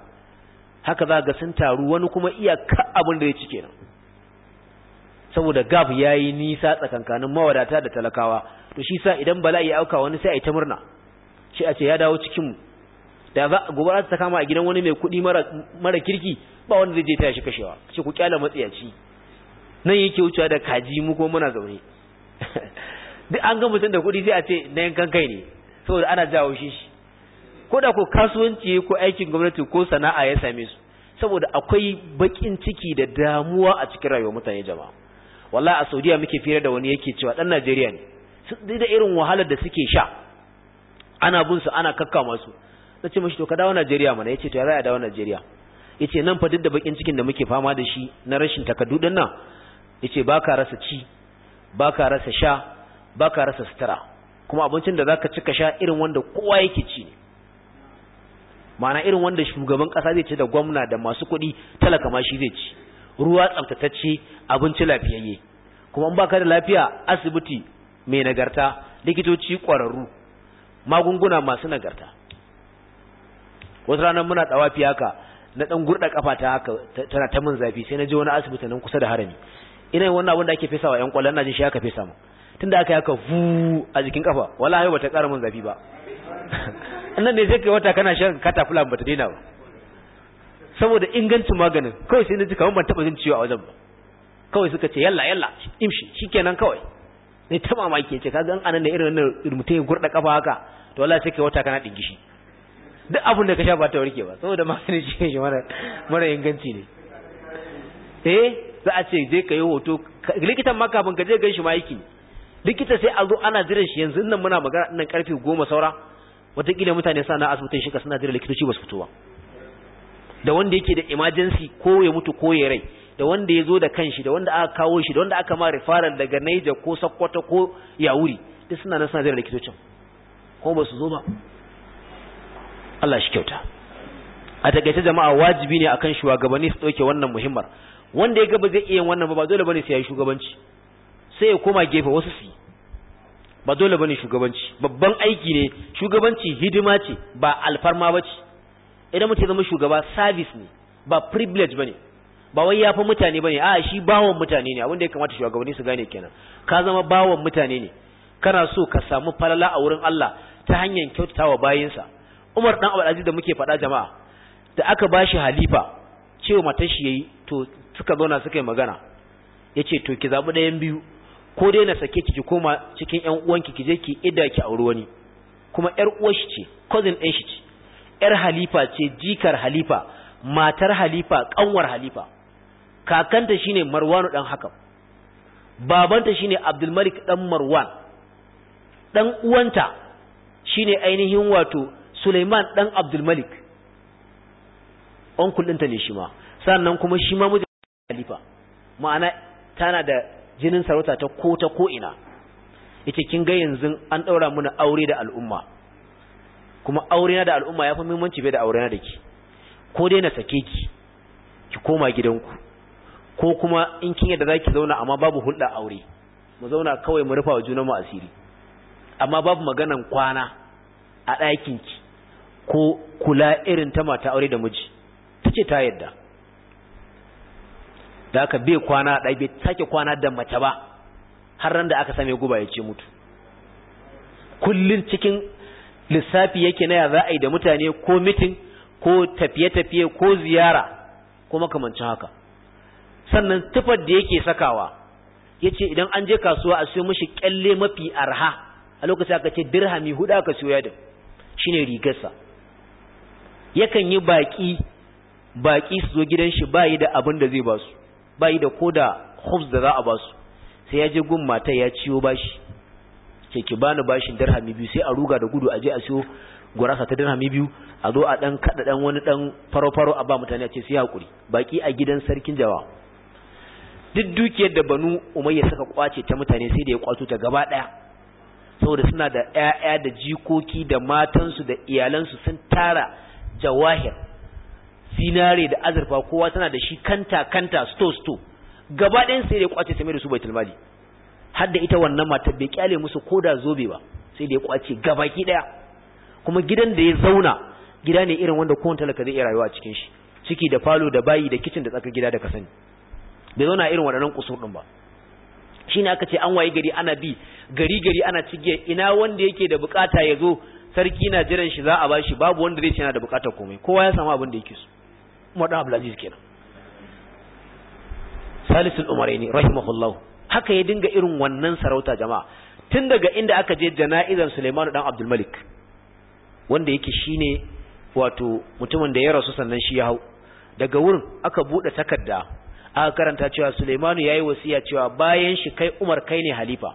haka za ga sun taru wani kuma iya ka abin da ya ci kenan saboda gab yayi nisa tsakankanin mawadata da talakawa to shi sa idan bala'i ya auka wani sai ai ta murna shi a ce ya dawo cikin mu da za gobara ta kama a gidan wani mai kuɗi mara mara kirki ba wanda zai je ta shi kashewa shi ku kyala matsiyaci nan yake wucewa da kaji mu ko muna zaune *laughs* duk an ga mutum da kuɗi sai a ce na yankan kai ne saboda ana jawo shi shi ko da ko kasuwanci ko aikin gwamnati ko sana'a ya same su saboda akwai bakin ciki da damuwa a cikin rayuwar mutane jama'a wallahi a Saudiya muke fira da wani yake cewa dan Najeriya ne duk da irin wahalar da suke sha ana bin su ana kakka masu Na ce mashi to ka dawo Najeriya mana yace to ya za a dawo Najeriya yace nan fa duk da bakin cikin da muke fama da shi na rashin takardu din nan yace baka rasa ci baka rasa sha baka rasa sutura kuma abincin da zaka ci ka sha irin wanda kowa yake ci ne ma'ana irin wanda shugaban kasa zai ci da gwamna da masu kuɗi talaka ma shi zai ci ruwa tsaftatacce abinci lafiyayye kuma in baka da lafiya asibiti mai nagarta likitoci kwararru magunguna masu nagarta wata ranar muna tsawafi haka na dan gurɗa kafa ta haka tana ta min zafi sai na je wani asibiti nan kusa da harami ina wannan abin da ake fesa wa yan kwallon na ji shi aka fesa tun tunda aka yi haka vu a jikin kafa wallahi bata ƙara min zafi ba annan *laughs* ne sai kai wata kana shan katafula bata daina ba saboda ingancin maganin kawai sai na ji kamar ban taɓa jin ciwo a wajen ba kawai suka ce yalla yalla imshi shikenan kawai ne ta mamaki ce kaga an anan da irin wannan mutum ya gurda kafa haka to wallahi sai kai wata kana dingishi duk abin da ka sha ba ta warke ba saboda maganin shi ne mara mara inganci ne eh za a ce je kai hoto likitan ma kafin ka je gan shi ma yake likita sai a zo ana jiran shi yanzu nan muna magana nan karfe 10 saura wataƙila mutane sana'a asibitin shi ka suna jira likitoci ba su fito ba da wanda yake da emergency ko ya mutu ko ya rai da wanda ya zo da kanshi da wanda aka kawo shi da wanda aka ma referral daga Niger ko Sokoto ko Yauri duk suna nan suna da likitocin ko ba su zo ba Allah shi kyauta a takaice jama'a wajibi ne akan shugabanni su dauke wannan muhimmar wanda ya gaba zai iya wannan ba ba dole bane sai ya yi shugabanci sai ya koma gefe wasu su ba dole bane shugabanci babban aiki ne shugabanci hidima ce ba alfarma ba ce. idan mutum zama shugaba service ne ba privilege bane ba wai yafi mutane bane a shi bawon mutane ne abinda ya kamata shugabanni su gane kenan ka zama bawon mutane ne kana so ka samu falala a wurin Allah ta hanyar kyautatawa bayinsa Umar dan Abdul Aziz da muke faɗa jama'a da aka bashi halifa cewa matar shi yayi to suka zauna suka yi magana yace to ki zabi ɗayan biyu ko dai na sake ki ki koma cikin ƴan uwanki ki je ki ida ki auri wani kuma ƴar uwar shi ce cousin ɗin shi ce yar halifa ce jikar halifa matar halifa ƙanwar halifa kakanta shine marwanu dan hakan. babanta shine abdulmalik dan marwan dan uwanta shine ainihin wato suleiman dan abdulmalik onkul ɗinta ne shi ma sannan kuma shi ma mujin halifa ma'ana tana da jinin sarauta ta ko ta ko'ina. ina ita kin ga yanzu an ɗaura mana aure da al'umma kuma aure na da al'umma ya fi muhimmanci bai da aurena da ki ko dai na sake ki ki koma gidanku ko kuma in kin yadda zaki zauna amma babu hulɗa aure mu zauna kawai mu rufa wa mu asiri amma babu maganan kwana a ɗakin ki ko kula irin ta mata aure da miji tace ta yadda da aka bai kwana da bai sake kwana da mace ba har ran da aka same guba ya ce mutu kullun cikin lissafi yake na ya za a yi da mutane ko mitin ko tafiye-tafiye ko ziyara ko makamancin haka sannan tufar da yake sakawa ya ce idan an je kasuwa a siyo mashi kyalle mafi arha a lokaci aka ce dirhami hudu aka siyo shi ne rigarsa yakan yi baƙi baƙi su zo gidan shi bayi da abin da zai ba su bayi da ko da hubs da za a basu. sai ya je gun mata ya ciyo bashi ce ki bani bashin dirhami biyu sai a ruga da gudu a je a siyo gurasa ta dirhami biyu a zo a dan kada dan wani dan faro-faro a ba mutane a ce sai hakuri baki a gidan sarkin jawa duk dukiyar da banu umayya saka kwace ta mutane sai da ya kwato ta gaba daya saboda suna da ƴaƴa da jikoki da matansu da iyalansu sun tara jawahir Sinare da azurfa kowa tana da shi kanta kanta sto sto gaba ɗayan sai da ya kwace ta mai da su baitul mali har da ita wannan mata bai kyale musu koda zobe ba sai da ya kwace gabaki daya kuma gidan da ya zauna gida ne irin wanda kowanne talaka zai iya rayuwa a cikin shi ciki da falo da bayi da kicin da tsakar gida da ka sani bai zauna irin waɗannan kusur din ba shine aka ce an waye gari ana bi gari gari ana cige ina wanda yake da bukata ya zo sarki na jiran shi za a bashi babu wanda zai ce yana da bukatar komai kowa ya samu abin da yake so Umar Abdulaziz kenan Salisul Umaraini rahimahullahu haka ya dinga irin wannan sarauta jama'a tun daga inda aka je jana'izan Sulaiman dan Abdul Malik wanda yake shine wato mutumin da ya rasu sannan shi ya hau daga wurin aka bude takarda aka karanta cewa Sulaiman yayi wasiya cewa bayan shi kai Umar kai ne halifa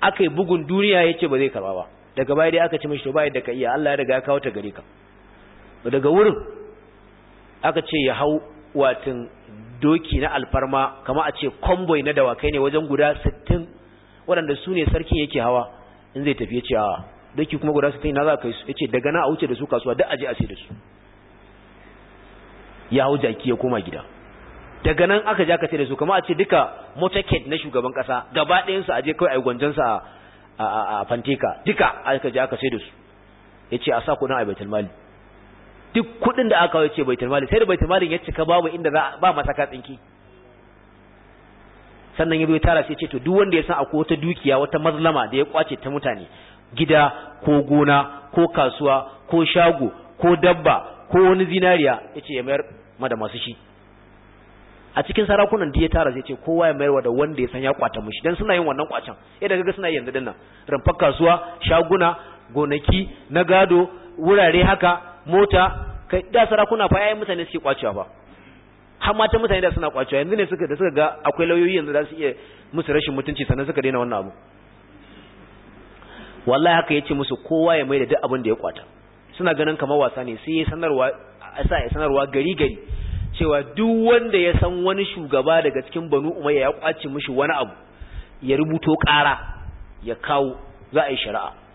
aka bugun duniya yace ba zai karba ba daga baya dai aka ce mishi to bai da ka iya Allah ya riga ya kawo ta gare ka daga wurin aka ce ya hau watin doki na alfarma kama a ce konvoy na dawakai ne wajen guda 60 waɗanda su ne sarkin yake hawa in zai tafi ya ce a doki kuma guda 60 na za ka yi su yace daga na a wuce da su kasuwa duk aji a sai da su ya hau jaki ya koma gida daga nan aka ja ka sai da su kama a ce duka motorcade na shugaban kasa gaba ɗayansu aje kawai a yi gwanjan sa a fanteka duka aka ja ka sai da su ya ce a sa kuɗin a baitul mali duk kuɗin da aka wace baitul mali sai da baitul malin ya cika babu inda ba masaka tsinki sannan ya biyo tara sai ce to duk wanda ya san akwai wata dukiya wata mazlama da ya kwace ta mutane gida ko gona ko kasuwa ko shago ko dabba ko wani zinariya ya ce ya mayar mada masu shi a cikin sarakunan da ya tara zai ce kowa ya mayarwa da wanda ya san ya kwata mushi dan suna yin wannan kwacen eh daga ga suna yanzu dinnan rumfar kasuwa shaguna gonaki na gado wurare haka mota kai da sarakuna fa yayin mutane suke kwacewa ba har mata mutane da suna kwacewa yanzu ne suka da suka ga akwai lauyoyi yanzu za su iya musu rashin mutunci sannan suka daina wannan abu wallahi haka yace musu kowa ya mai da duk abin da ya kwata suna ganin kamar wasa ne sai ya sanarwa sa ya sanarwa gari gari cewa duk wanda ya san wani shugaba daga cikin Banu Umayya ya kwace mishi wani abu ya rubuto ƙara ya kawo za a yi shari'a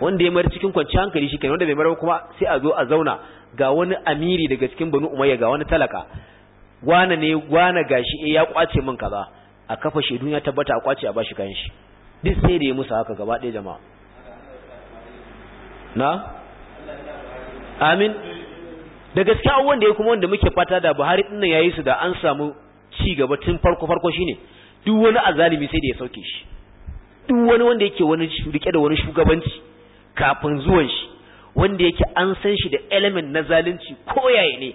wanda ya mayar cikin kwanciyar hankali kenan wanda bai marar kuma sai a zo a zauna ga wani amiri daga cikin banu umayya ga wani talaka wane ne wane gashi eh ya kwace min kaza a kafa shedun ya tabbata a kwace a bashi kayan shi duk sai da ya musa haka gaba ɗaya jama'a na amin da gaskiya abubuwan da ya kuma wanda muke fata da buhari ɗin nan ya yi su da an samu ci gaba tun farko farko shine duk wani azalimi sai da ya sauke shi duk wani wanda yake wani rike da wani shugabanci kafin zuwan shi wanda yake an san shi da element na zalunci koyaye ne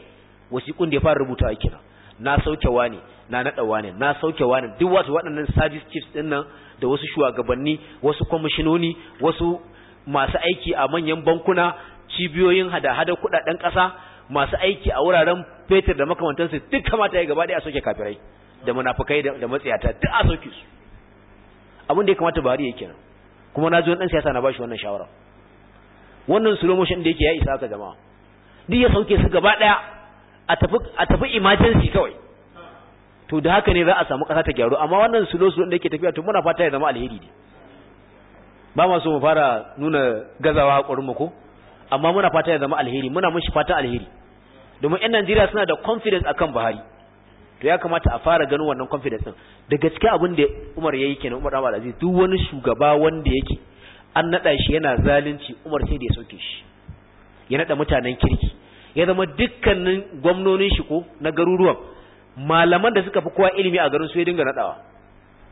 wasiƙun da ya fara a kira na sauke wani na naɗa wani na sauke wani duk wasu waɗannan service chiefs ɗin nan da wasu shugabanni wasu kwamishinoni wasu masu aiki a manyan bankuna cibiyoyin hada-hada kuɗaɗen ƙasa masu aiki a wuraren fetur da makamantansu duk kamata ya gaba ɗaya a soke kafirai da munafukai da matsiyata duk a soke su abin da ya kamata bari ya kenan kuma na ji wani ɗan siyasa na bashi wannan shawara wannan slow motion da yake ya isa ka jama'a duk ya sauke su gaba daya a tafi a tafi emergency kawai to da haka ne za a samu kasa ta gyaru amma wannan slow slow da yake tafiya to muna fata ya zama alheri ne ba ma so mu fara nuna gazawa hakurin mu ko amma muna fata ya zama alheri muna mishi fata alheri domin yan Najeriya suna da confidence akan Buhari to ya kamata a fara ganin wannan confidence din daga gaske abin da Umar yayi kenan Umar Abdul Aziz duk wani shugaba wanda yake an naɗa shi yana zalunci umar sai da ya sauke shi ya naɗa mutanen kirki ya zama dukkanin gwamnonin shi ko na garuruwan malaman da suka fi kowa ilimi a garin su ya dinga naɗawa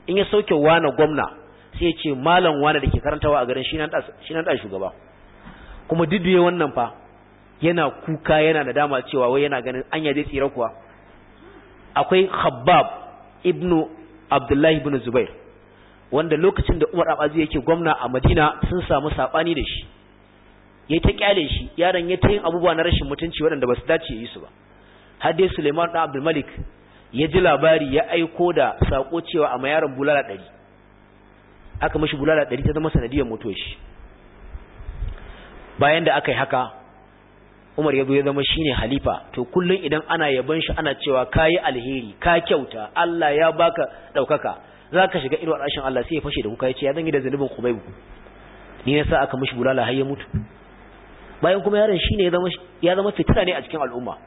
in ya sauke wane gwamna sai ya ce malam wane da ke karantawa a garin shi na ɗa shugaba kuma duk wannan fa yana kuka yana da dama cewa wai yana ganin anya zai tsira kuwa akwai khabbab ibnu abdullahi ibnu zubair wanda lokacin da Umar Abazi yake gwamna a Madina sun samu sabani da shi ya ta kyale shi yaron ya ta yin abubuwa na rashin mutunci waɗanda ba su dace yi su ba har dai Suleiman da Abdul Malik ya ji labari ya aiko da sako cewa a mayaran bulala ɗari aka mashi bulala ɗari ta zama sanadiyar mutuwar shi bayan da aka yi haka Umar ya zo ya zama shine halifa to kullum idan ana yaban shi ana cewa ka yi alheri ka kyauta Allah ya baka ɗaukaka za ka shiga irin rashin Allah sai ya fashe da kuka ya ce ya zangi da zunubin Khubayb ni na sa aka mishi bulala har ya mutu bayan kuma yaron shine ya zama ya zama fitina ne a cikin al'umma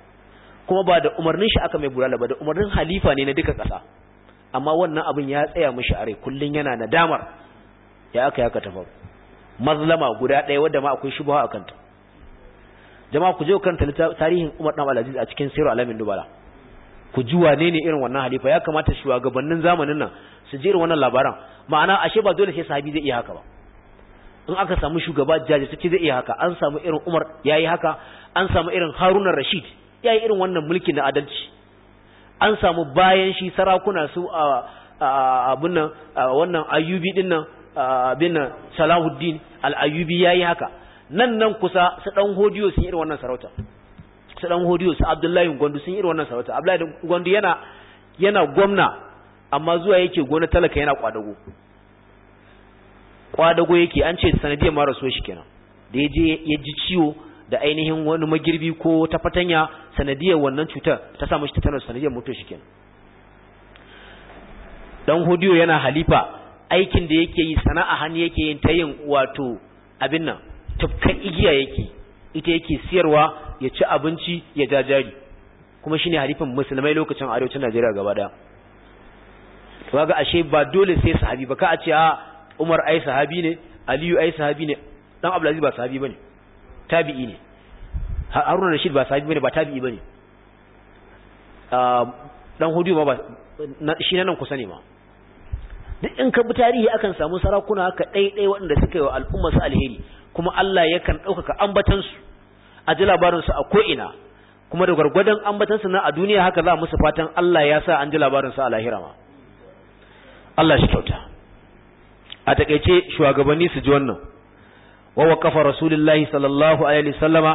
kuma ba da umarnin shi aka mai bulala ba da umarnin halifa ne na duka ƙasa amma wannan abin ya tsaya mishi are kullun yana nadamar ya aka ka tafa mazlama guda ɗaya wadda ma akwai shubha a kanta jama'a ku je kanta tarihin Umar dan Aziz a cikin Sirru Alamin Dubala ku ji wane ne irin wannan halifa ya kamata shugabannin zamanin nan su ji irin wannan labaran ma'ana ashe ba dole sai sahabi zai iya haka ba in aka samu shugaba jajirtacce zai iya haka an samu irin Umar ya yi haka an samu irin Haruna Rashid ya yi irin wannan mulki na adalci an samu bayan shi sarakuna su a abun nan wannan Ayyubi din nan bin Salahuddin al-Ayyubi yayi haka nan nan kusa su dan hodiyo sun irin wannan sarauta su dan hodiyo su abdullahi gwandu sun iri wannan sabata abdullahi gwandu yana gwamna amma zuwa yake gona talaka yana kwadago kwadago yake an ce sanadiyar ma so shi kenan da ya ya ji ciwo da ainihin wani magirbi ko ta fatanya sanadiyar wannan cutar ta samu shi ta tanar sanadiyar mutu shi kenan dan hodiyo yana halifa aikin da yake yi sana'a hannu yake yin ta yin wato abin nan tafkan igiya yake ita yake siyarwa ya ci abinci ya jajari kuma shine halifin musulmai lokacin arewacin Najeriya gaba daya ga ashe ba dole sai sahabi ba ka a ce a ah, Umar ai sahabi ne Aliyu ai sahabi ne dan Abdulaziz ba sahabi bane tabi'i ne Harun Rashid ba sahabi bane ba tabi'i bane ah, dan Hudu ma ba shi nan kusa ne ma duk in ka bi tarihi akan samu sarakuna haka ɗaiɗai waɗanda suka yi wa al'umma su alheri kuma Allah yakan ɗaukaka ambatansu a ji labarinsu a ko'ina kuma da gwargwadon ambatansu na a duniya haka za musu fatan Allah ya sa an ji labarinsu a lahira ma Allah shi kyauta a taƙaice shugabanni su ji wannan wa waqafa rasulullahi sallallahu alaihi wasallama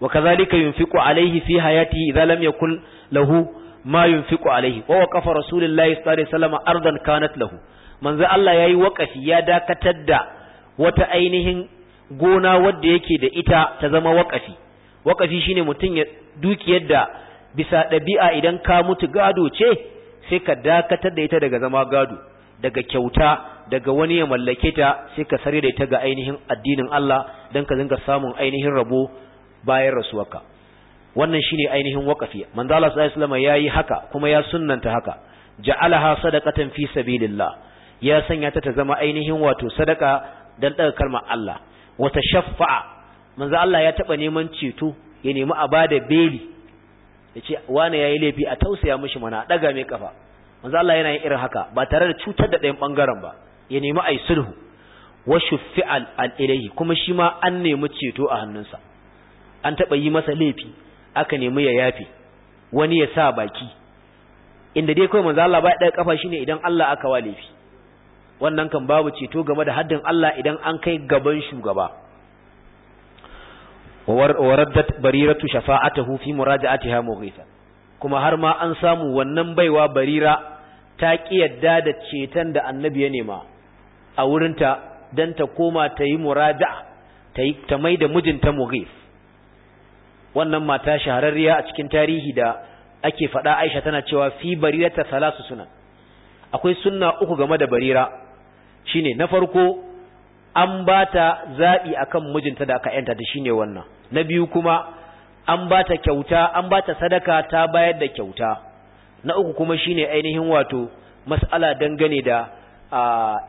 wa kazalika yunfiqu alaihi fi hayatihi idza lam yakul lahu ma yunfiqu alaihi wa waqafa rasulullahi sallallahu alaihi wasallam ardan kanat lahu manzo Allah yayi wakafi ya dakatar da wata ainihin gona wadda yake da ita ta zama wakafi wakafi shine mutum ya dukiyar yadda bisa ɗabi'a idan ka mutu gado ce sai ka dakatar da ita daga zama gado daga kyauta daga wani ya mallake ta sai ka sare da ita ga ainihin addinin Allah dan ka zinga samun ainihin rabo bayan rasuwarka wannan shine ainihin waqafi manzo Allah sallallahu alaihi wasallam yayi haka kuma ya sunnanta haka ja'alaha sadaqatan fi sabilillah ya sanya ta ta zama ainihin wato sadaka dan daga kalmar Allah wa tashaffa manzo Allah ya taba neman ceto ya nemi a bada beli yace wani yayi laifi a tausaya mishi mana daga mai kafa manzo Allah yana yin irin haka ba tare da cutar da ɗayan bangaren ba ya nemi ai sulhu wa shuffi'a al kuma shi ma an nemi ceto a hannunsa an taba yi masa laifi aka nemi ya yafe wani ya sa baki inda dai kawai manzo Allah ba ɗaya kafa shine idan Allah aka walifi. shi wannan kan babu ceto game da haddin Allah idan an kai gaban shugaba raddat bariratu shafa'atuhu fi muraja'atiha mughitha kuma har ma an samu wannan baiwa barira ta ki yadda da ceton da annabi ya nema a wurinta dan ta koma ta yi muraja'a ta mai da mijinta mughith wannan mata shahararriya a cikin tarihi da ake faɗa Aisha tana cewa fi barirata salasu sunan akwai sunna uku game da barira shine na farko an bata zabi akan mijinta da aka yanta da shine wannan na biyu kuma an bata kyauta an bata sadaka ta bayar da kyauta na uku kuma shine ainihin wato mas'ala dangane da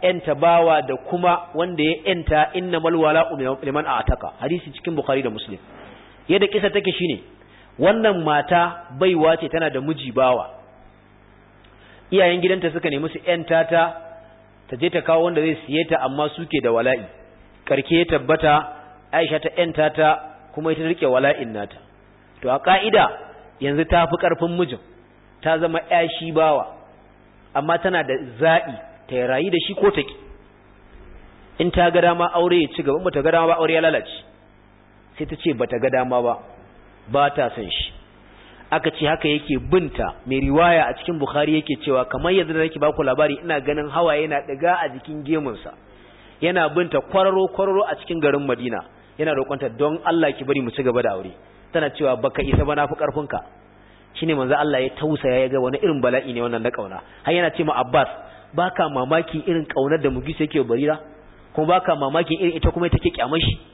yanta bawa da kuma wanda ya yanta innamal wala'u liman a'taka hadisi cikin bukhari da muslim yadda kisa take shine wannan mata baiwa ce tana da miji bawa iyayen gidanta suka nemi su yanta ta ta je ta kawo wanda zai siye ta amma suke da wala'i karke ya tabbata Aisha ta yanta tata kuma ita rike wala'in nata to a ka'ida yanzu ta fi karfin mijin ta zama shi bawa amma tana da za'i ta rayu da shi ko ta ki in ta ga dama aure ya ci gaba ba ta ga dama ba aure ya lalace sai ta ce bata ga dama ba ba ta san shi aka ce haka yake binta mai riwaya a cikin bukhari yake cewa kamar yadda nake baku labari ina ganin hawa yana daga a jikin gemunsa yana binta kwararo kwararo a cikin garin madina yana roƙonta don allah ki bari mu ci gaba da aure tana cewa baka isa ba na fi ƙarfinka shine manzo allah ya tausaya ya ga wani irin bala'i ne wannan na ƙauna. har yana ce ma abbas baka mamaki irin ƙaunar da mugisa yake barira kuma baka mamaki irin ita kuma take kyamar shi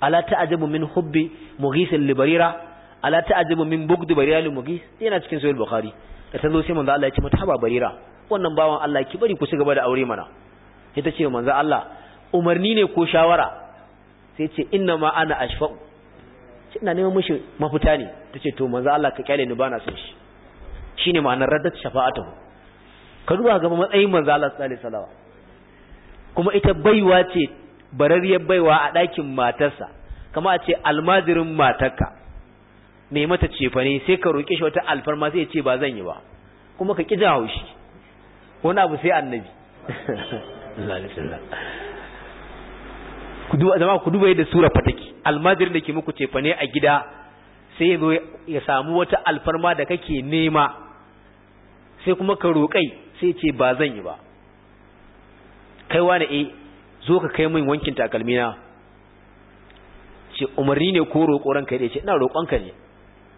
ala ta'jabu min hubbi mughis al-barira ala ta'jabu min bughd barira al-mughis yana cikin sahih bukhari da tazo sai manzo Allah ya ce mata haba barira wannan bawan Allah ki bari ku shiga ba da aure mana ita ce manzo Allah umarni ne ko shawara sai ce inna ma ana ashfa'u ina neman mishi mafita ne tace to manzo Allah ka kyale ni bana son shi shine ma'anar raddat shafa'atuhu ka duba ga matsayin manzo Allah sallallahu alaihi wasallam kuma ita baiwa ce barariyar baiwa a ɗakin matarsa kama a ce almazirin matarka ne mata cefane sai ka roƙe shi wata alfarma sai ya ce ba zan yi ba kuma ka ƙi jan haushi wani abu sai annabi zama ku duba yadda sura fataki almajirin da ke muku cefane a gida sai ya samu wata alfarma da kake nema sai kuma ka roƙai sai ce ba zan yi ba kaiwa na e eh, zo ka kai min wankin takalmina ce umarni ne ko roƙo ranka ya ce ina roƙonka ne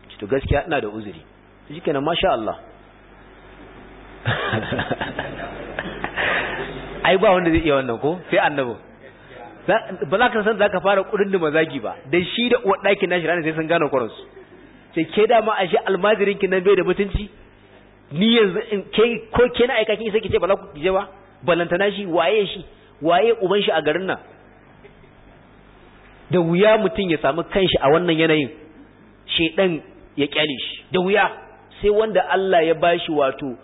ce to gaskiya ina da uzuri shi kenan masha Allah *laughs* ai ba wanda zai iya wannan ko sai annabi ba za ka san za ka fara kudin da mazagi ba dan shi da uwar ɗakin nashi ranar sai sun gane kwaransu sai ke ma a shi almajirin ki nan bai da mutunci ni yanzu ko ke na aika kin isa ki ce ba za ku je ba balantana shi waye shi waye uban shi a garin nan da wuya mutum ya samu kanshi a wannan yanayin shedan ya kyale shi da wuya sai wanda Allah ya bashi wato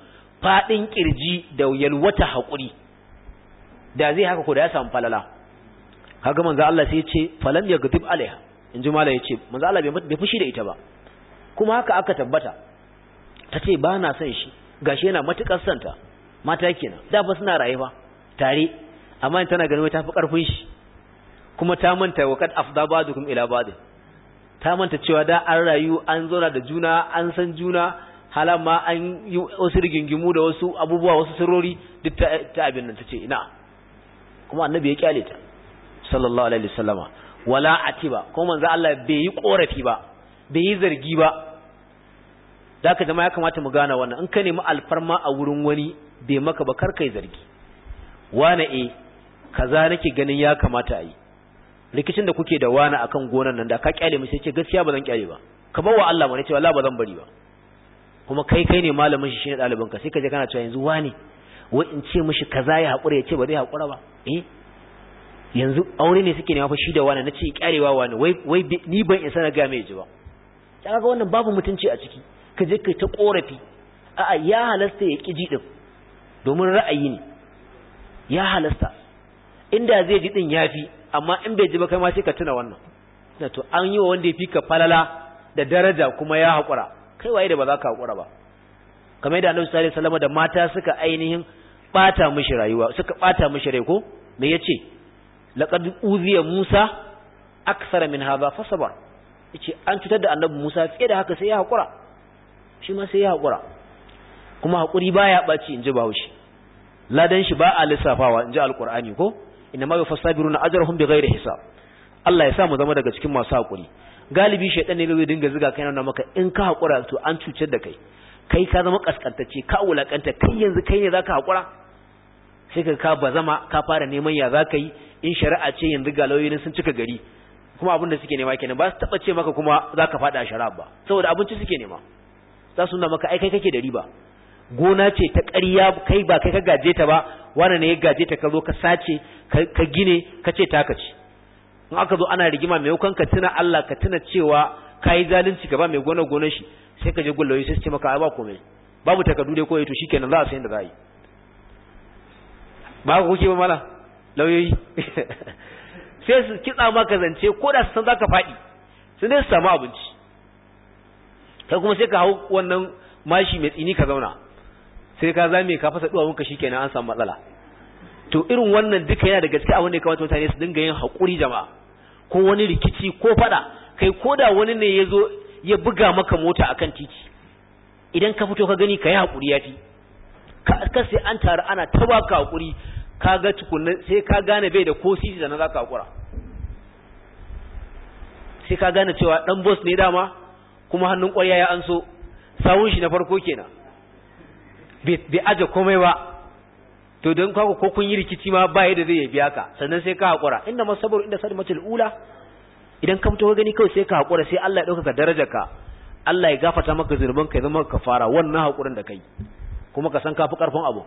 fadin kirji da yalwata hakuri da zai haka ko da ya samu falala kaga manzo Allah sai ya ce falam yaghdib alaiha inji mala ya ce manzo Allah bai fushi da ita ba kuma haka aka tabbata ta ce ba na son shi gashi yana matukar santa mata kenan da ba suna rayuwa tare amma in tana ganin ta fi karfin shi kuma ta manta wa kad afda ba'dukum ila ba'd ta manta cewa da an rayu an zauna da juna an san juna halamma an yi wasu rigingimu da wasu abubuwa wasu sirrori duk ta abin nan tace ina kuma annabi ya kyale ta sallallahu alaihi wasallama wala atiba ko manzo Allah bai yi korafi ba bai yi zargi ba da haka jama'a ya kamata mu gane wannan in ka nemi alfarma a wurin wani bai maka ba kar kai zargi wane eh kaza nake ganin ya kamata a yi rikicin da kuke da wani akan gonan nan da ka kyale mu sai ce gaskiya ba zan kyale ba kamar wa Allah mana ce wallahi ba zan bari ba kuma kai kai ne malamin shi shine ɗaliban ka sai ka je kana cewa yanzu wani wai in ce mishi kaza ya haƙura ya ce ba zai haƙura ba eh yanzu aure ne suke nema fa shi da wani na ce kyarewa wani wai wai ni ban isa na ga mai ji ba kaga wannan babu mutunci a ciki ka je kai ta korafi a'a ya halasta ya ƙi ji din domin ra'ayi ne ya halasta inda zai ji din yafi amma in bai ji ba kai ma sai ka tuna wannan na to an yi wa wanda ya fi ka falala da daraja kuma ya haƙura kai waye da ba za ka haƙura ba kamar yadda Annabi sallallahu alaihi wasallam da mata suka ainihin bata mishi rayuwa suka bata mishi rai ko me yace laqad uziya Musa aksar min hadha fasaba yace an cutar da Annabi Musa fiye da haka sai ya haƙura shi ma sai ya haƙura kuma haƙuri baya baci in ji Bahaushe ladan shi ba a lissafawa in ji Alƙur'ani ko inma yufassabiruna ajrahum bighairi hisab Allah ya sa mu zama daga cikin masu hakuri galibi shaytan ne zai dinga ziga kai nan maka in ka hakura to an cuce da kai kai ka zama kaskantacce ka wulakanta kai yanzu kai ne zaka hakura sai ka ka bazama ka fara neman ya zaka yi in shari'a ce yanzu ga sun cika gari kuma abin da suke nema kenan ba su taba ce maka kuma zaka fada shari'a ba saboda abinci suke nema za su nuna maka ai kai kake da riba gona ce ta ƙarya kai ba kai ka gaje ta ba wannan ne ya gaje ta ka zo ka sace ka gine ka ce ta ce in aka zo ana rigima maimakon ka tuna Allah ka tuna cewa ka yi zalunci gaba mai gona gonar shi sai ka je gullawi sai su ce maka ba komai babu takardu dai ko to shikenan za a san da za a yi ba ku kuke ba mala lauyoyi *laughs* sai su kitsa maka zance ko da su san zaka faɗi sun dai su samu abinci kai kuma sai ka hau wannan mashi mai tsini ka zauna sai ka zame ka fasa duwawunka shikenan an samu matsala to irin wannan duka yana da gaske a da ya kamata mutane su dinga yin hakuri jama'a ko wani rikici ko fada kai ko da wani ne ya zo ya buga maka mota akan titi idan ka fito ka gani ka yi hakuri ya fi ka sai an taru ana ta baka hakuri ka ga tukunna sai ka gane bai da ko sisi da na za ka hakura sai ka gane cewa dan boss ne dama kuma hannun ƙwarya ya anso sawun shi na farko kenan bai aje komai ba to don kwaku ko kun yi rikici ma ba yadda zai biya ka sannan sai ka haƙura inda masabaru inda sadmatul ula idan ka fito gani kawai sai ka hakura sai Allah ya ɗaukaka ka Allah ya gafata maka zunuban ka ya zama ka fara wannan haƙurin da kai kuma ka san ka fi ƙarfin abu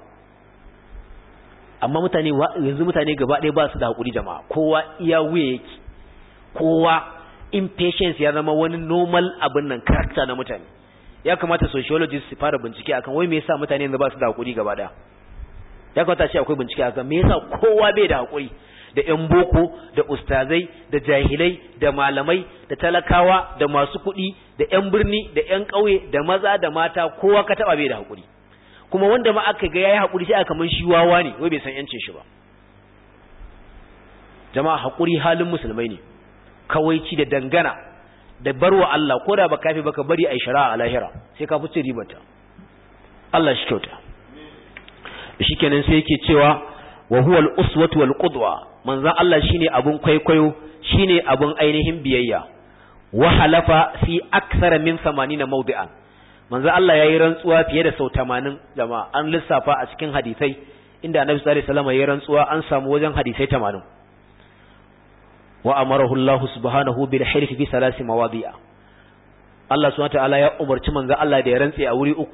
amma mutane yanzu mutane gaba ɗaya ba su da hakuri jama'a kowa iya wuya yake kowa impatience ya zama wani normal abin nan karakta na mutane ya kamata sociologists su fara bincike akan wai me yasa mutane yanzu ba su da hakuri gaba daya ya kamata ce akwai bincike akan me yasa kowa bai da hakuri da yan boko da ustazai da jahilai da malamai da talakawa da masu kuɗi da yan birni da yan ƙauye da maza da mata kowa ka taba bai da hakuri kuma wanda ma aka ga yayi hakuri sai aka man shi wawa ne wai bai san yancin shi ba jama'a hakuri halin musulmai ne kawaici da dangana da barwa Allah ko da ba kafi baka bari a shari'a a lahira sai ka fice ribata Allah shi kyauta kenan sai yake cewa wa huwa al-uswatu wal qudwa manzon Allah shine abun kwaikwayo shine abun ainihin biyayya wa halafa fi akthara min 80 mawdi'an manzon Allah yayi rantsuwa fiye da sau 80 jama'a an lissafa a cikin hadisai inda Annabi sallallahu alaihi wasallam yayi rantsuwa an samu wajen hadisai 80 wa amarahu Allah subhanahu bil hilf bi salasi mawadi'a Allah subhanahu ta'ala ya umarci manzo Allah da ya rantse a wuri uku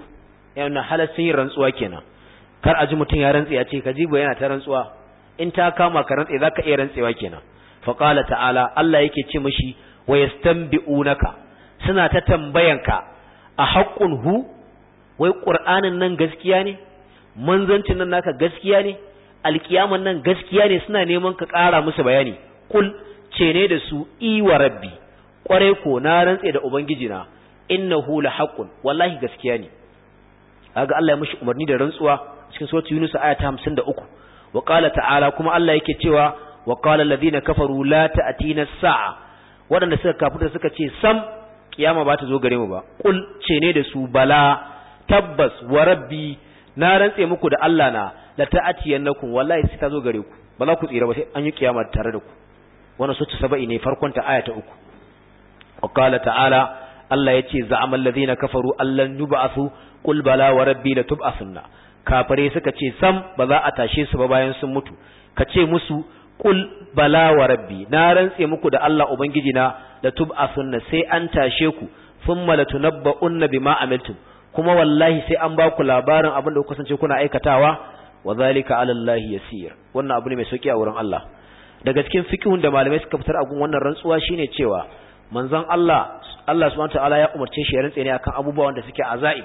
yana halaccin yin rantsuwa kenan kar a ji mutum ya rantse ya ce ka jibo yana ta rantsuwa in ta kama ka rantse zaka iya rantsewa kenan fa qala ta'ala Allah yake ce mishi wa yastanbi'unaka suna ta ka a haqqun hu wai qur'anin nan gaskiya ne manzancin nan naka gaskiya ne alkiyaman nan gaskiya ne suna neman ka ƙara musu bayani kul ce da su iwa rabbi kware ko na rantse da ubangiji na hula lahaqqun wallahi gaskiya ne kaga Allah ya mashi umarni da rantsuwa cikin suratul yunus aya ta 53 wa qala ta'ala kuma Allah yake cewa wa qala alladhina kafaru la ta'tina saa wadanda suka kafuta suka ce sam kiyama ba ta zo gare mu ba kul ce da su bala tabbas wa rabbi na rantse muku da Allah na la ta'tiyannakum wallahi sai ta zo gare ku bala ku tsira ba sai an yi kiyama tare da ku Wani sutu saba'i ne farkon ta aya ta uku wa qala ta'ala Allah yace za'amal ladina kafaru allan yub'athu qul bala wa rabbi la tub'athunna kafare suka ce sam ba za a tashe su ba bayan sun mutu ka ce musu qul bala wa rabbi na rantse muku da Allah ubangiji na la tub'athunna sai an tashe ku thumma latunabba'unna bima amiltum kuma wallahi sai an ba ku labarin abin da kuka kasance kuna aikatawa wa zalika ala Allah yasir wannan abu ne mai sauki a wurin Allah daga cikin fikihun da malamai suka fitar a gun wannan rantsuwa shine cewa manzon Allah Allah subhanahu ta'ala ya umarce shi ya rantse ne akan abubuwan da suke azai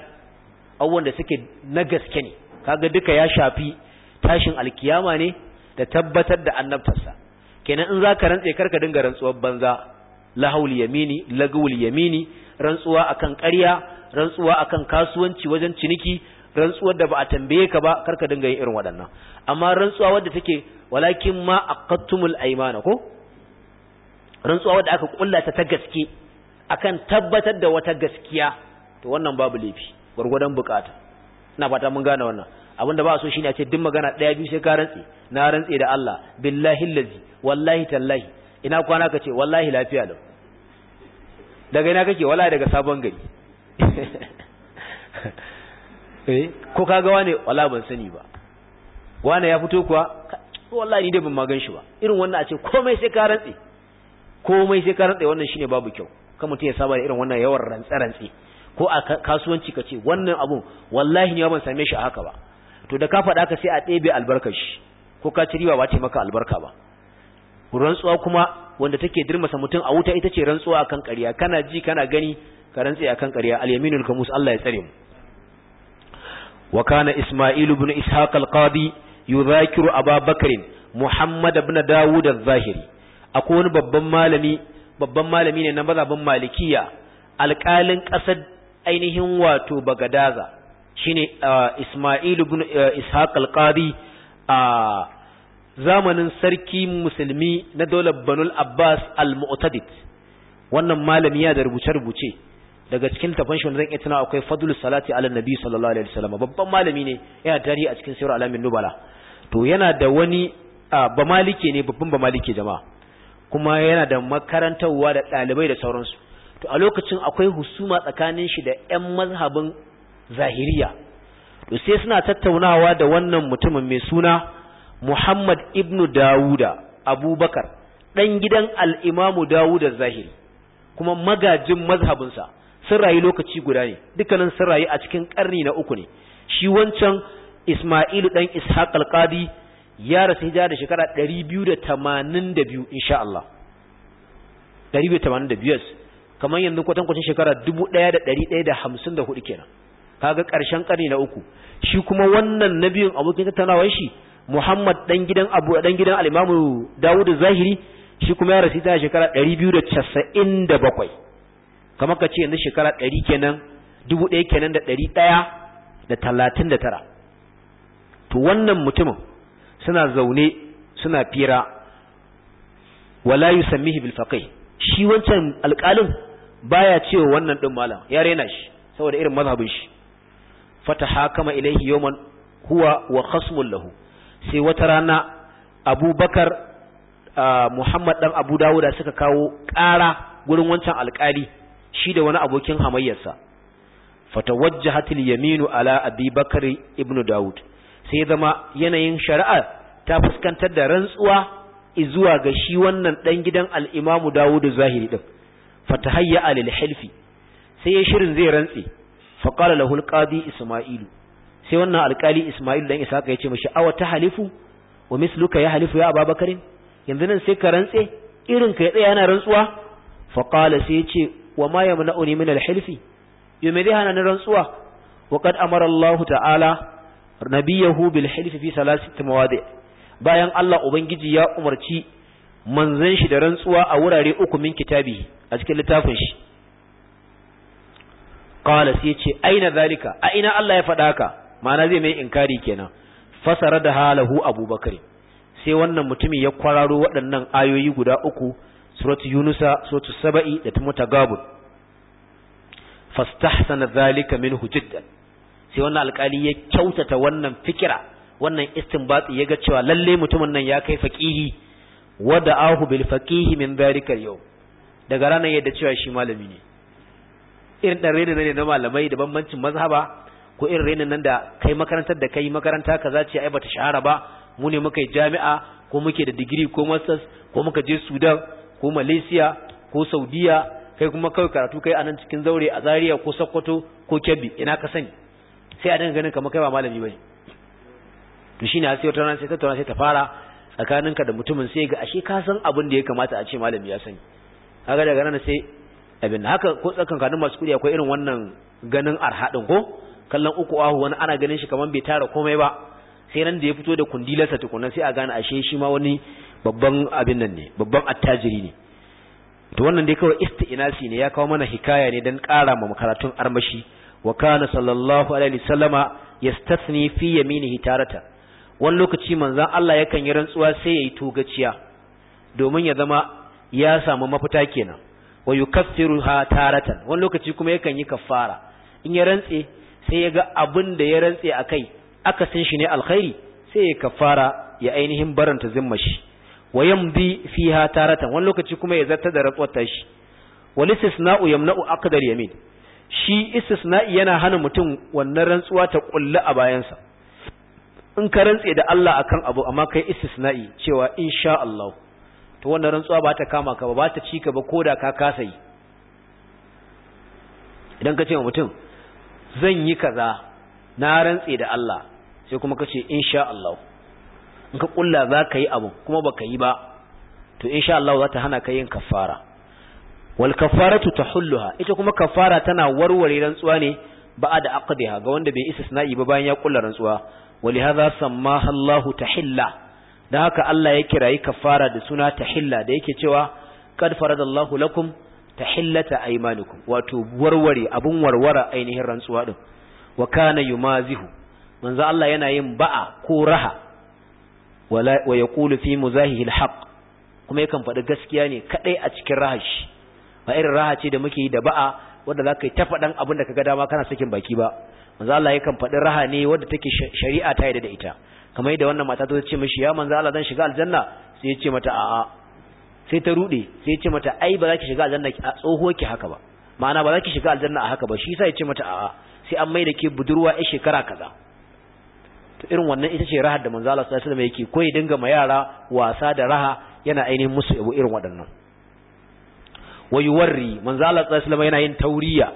abubuwan da suke na gaske ne kaga duka ya shafi tashin alkiyama ne da tabbatar da annabtarsa kenan in zaka rantse karka dinga rantsuwar banza lahaul yamini lagul yamini rantsuwa akan ƙarya rantsuwa akan kasuwanci wajen ciniki rantsuwar da ba a tambaye ka ba karka dinga yin irin waɗannan amma rantsuwa wadda take walakin ma aqattumul aymana ko rantsuwa wadda aka kulla ta ta gaske akan tabbatar da wata gaskiya to wannan babu laifi gurgurdan bukata ina fata mun gane wannan abinda ba so shine a ce duk magana daya biyu sai ka rantsi na rantsi da Allah billahi allazi wallahi tallahi ina kwana ka ce wallahi lafiya lau daga ina kake wallahi daga sabon gari *laughs* eh ko kaga wane wala ban sani ba wane ya fito kuwa wallahi ni dai ban magan shi ba irin wannan a ce komai sai ka rantsi komai sai ka rantsi wannan shine babu kyau kan mutum ya saba da irin wannan yawan rantsi- rantsi ko a kasuwanci ka ce wannan abun wallahi ni ban same shi a haka ba to da ka faɗa ka sai a ɗebe albarkar shi ko ka ci riba ba ce maka albarka ba rantsuwa kuma wanda take dirmasa mutum a wuta ita ce rantsuwa akan ƙarya kana ji kana gani ka rantsi akan ƙarya al-yaminul kamus Allah ya tsare mu وكان إسماعيل بن إسحاق القاضي يذاكر أبا بكر محمد بن zahiri. Akwai wani babban malami babban malami ne na mazhabin malikiya alƙalin ƙasar ainihin wato bagadaza shine Isma'il ibn Ishaq al a zamanin sarki musulmi na dole Banul Abbas al-Mu'tadid wannan malami ya da rubuce-rubuce daga cikin tafan shi zan ita tuna akwai fadlus salati ala nabi sallallahu alaihi wasallam babban malami ne yana tarihi a cikin sirr alamin nubala to yana da wani ba malike ne babban ba malike jama'a kuma yana da makarantarwa da ɗalibai da sauransu to a lokacin akwai husuma tsakanin shi da ƴan mazhabin zahiriya to sai suna tattaunawa da wannan mutumin mai suna Muhammad ibnu Dawuda Abubakar dan gidan al Dawud Dawuda Zahiri kuma magajin mazhabinsa sun rayu lokaci guda ne dukkanin sun rayu a cikin karni na uku ne shi wancan Isma'ilu dan Ishaq al-Qadi ya rasu hijira da shekara 282 insha Allah 282 kamar yanzu kwatan kwatan shekara 1154 kenan kaga karshen karni na uku shi kuma wannan nabiyin abokin tattaunawar shi Muhammad dan gidan Abu dan gidan al-Imam Dawud Zahiri shi kuma ya rasu hijira da shekara 297 kamar ka ce yanzu shekara ɗari kenan dubu ɗaya kenan da ɗari ɗaya da talatin da tara to wannan mutumin suna zaune suna fira wala yusammihi bilfakai. shi wancan alƙalin baya cewa wannan ɗin malam ya rena shi saboda irin mazhabin shi fatahakama ilaihi yawman huwa wa khasmun lahu sai wata rana abubakar ah, muhammad dan abu dawuda suka kawo ƙara gurin wancan alƙali shi da wani abokin hamayyarsa fatawajjahat al-yaminu ala abi bakr ibn daud sai zama yanayin shari'a ta fuskantar da rantsuwa zuwa ga shi wannan dan gidan al-imamu daud zahiri din fatahayya al-hilfi sai ya shirin zai rantsi faqala lahu al-qadi isma'ilu sai wannan alkali isma'ilu dan isaka yace mishi awa ta halifu wa misluka ya halifu ya ababakarin yanzu nan sai ka rantse irin ka ya tsaya yana rantsuwa faqala sai ce. wa ma yamna'uni min al-hilfi yume dai hana ni rantsuwa wa qad amara Allah ta'ala nabiyahu bil hilfi fi salasit mawadi bayan Allah ubangiji ya umarci manzon shi da rantsuwa a wurare uku min kitabi a cikin littafin shi qala sai ce aina zalika a ina Allah ya fada ka ma'ana zai mai inkari kenan fasara da halahu abubakar sai wannan mutumin ya kwararo waɗannan ayoyi guda uku suratu yunusa suratu saba'i da ta mutagabun fastahsana zalika minhu jiddan sai wannan alkali ya kyautata wannan fikira wannan istinbati yaga cewa lalle mutumin nan ya kai faqihi wada'ahu bil faqihi min zalika yau daga ranar yadda cewa shi malami ne irin dan rene ne na malamai da bambancin mazhaba ko irin rene nan da kai makarantar da kai makaranta kaza ce ai bata shahara ba mu ne muka yi jami'a ko muke da digiri ko masters ko muka je Sudan ko malaysia ko saudiya kai kuma kawai karatu kai a nan cikin zaure a zaria ko sokoto ko kebbi ina ka sani sai a dinga ganin kamar kai ba malami bane to shine sai wata rana sai ta tona sai ta fara tsakaninka da mutumin sai ga ashe ka san abin da ya kamata a ce malami ya sani kaga daga nan sai abin haka ko tsakankanin masu kudi akwai irin wannan ganin arhadin ko kallon uku ahu wani ana ganin shi kamar bai tara komai ba sai nan da ya fito da kundilarsa tukuna sai a gane ashe shi ma wani babban abin nan ne babban attajiri ne to wannan dai kawai isti'nasi ne ya kawo mana hikaya ne dan ƙara ma makaratun armashi wa kana sallallahu alaihi wasallama yastathni fi yaminihi tarata wani lokaci manzon Allah yakan yi rantsuwa sai yayi togaciya domin ya zama ya samu mafita kenan wa yukaffiruha taratan wani lokaci kuma yakan yi kaffara in ya rantse sai ya ga abin da ya rantse akai aka san shi ne alkhairi sai ya kafara ya ainihin baranta zimma shi wa yamdi fiha taratan wani lokaci kuma ya zata da rantsuwar shi wal istisna'u yamna'u aqdar yamin shi istisna'i yana hana mutum wannan rantsuwa ta kulla a bayansa in ka rantse da Allah akan abu amma kai istisna'i cewa insha Allah to wannan rantsuwa ba ta kama ka ba ba ta cika ba koda ka kasa yi idan ka ce wa mutum zan yi kaza na rantse da Allah sai kuma kace insha Allah in ka kulla za ka yi abu kuma baka yi ba to insha Allah za ta hana ka yin kafara wal kafaratu tahulluha ita kuma kafara tana warware rantsuwa ne a da aqdiha ga wanda bai isa sanai ba bayan ya kulla rantsuwa walihaza سماها الله تحلة da haka Allah ya kirayi kafara da suna tahilla da yake cewa kad faradallahu lakum tahillata aymanukum wato warware abun warwara ainihin rantsuwa din wa kana yumazihu manzo Allah yana yin ba'a ko raha wa yaqulu fi muzahihi alhaq kuma yakan faɗi gaskiya ne kadai a cikin rahashi ba irin raha ce da muke yi da ba'a wanda zaka yi ta faɗan abin da kaga dama kana sakin baki ba manzo Allah yakan faɗi raha ne wanda take shari'a ta yarda da ita kamar yadda wannan mata ta ce mishi ya manzo Allah zan shiga aljanna sai ya ce mata a'a sai ta rude sai ya ce mata ai ba za ki shiga aljanna a tsoho ki haka ba ma'ana ba za ki shiga aljanna a haka ba shi yasa ya ce mata a'a sai an mai da ke budurwa ya shekara kaza to irin wannan ita ce rahar da manzo Allah sallallahu alaihi wasallam yake koyi dinga ma yara wasa da raha yana ainihin musu yabo irin waɗannan wayu warri manzo Allah sallallahu alaihi wasallam yana yin tauriya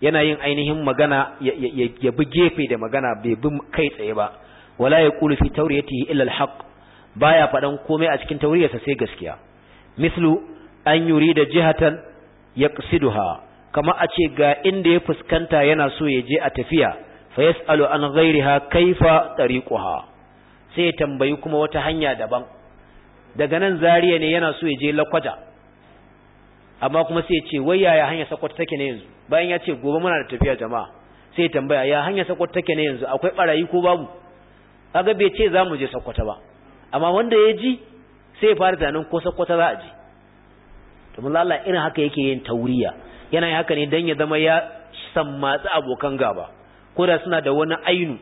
yana yin ainihin magana ya bi gefe da magana bai bi kai tsaye ba wala yaqulu fi tawriyatihi illa alhaq baya fadan komai a cikin tauriyarsa sai gaskiya mislu an yurida jihatan yaqsiduha kama a ce ga inda ya fuskanta yana so ya je a tafiya fa yas'alu an ghairiha kaifa tariquha sai ya tambayi kuma wata hanya daban daga nan zariya ne yana so ya je lakwaja amma kuma sai ya ce wai yaya hanya sakwata take ne yanzu bayan ya ce gobe muna da tafiya jama'a sai ya tambaya ya hanya sakwata take ne yanzu akwai barayi ko babu kaga bai ce zamu je sakwata ba amma wanda ya ji sai ya fara tunanin ko sakwata za a je to mun Allah irin haka yake yin tauriya yana yi haka ne don ya zama ya sammatsi abokan gaba ko da suna da wani ainu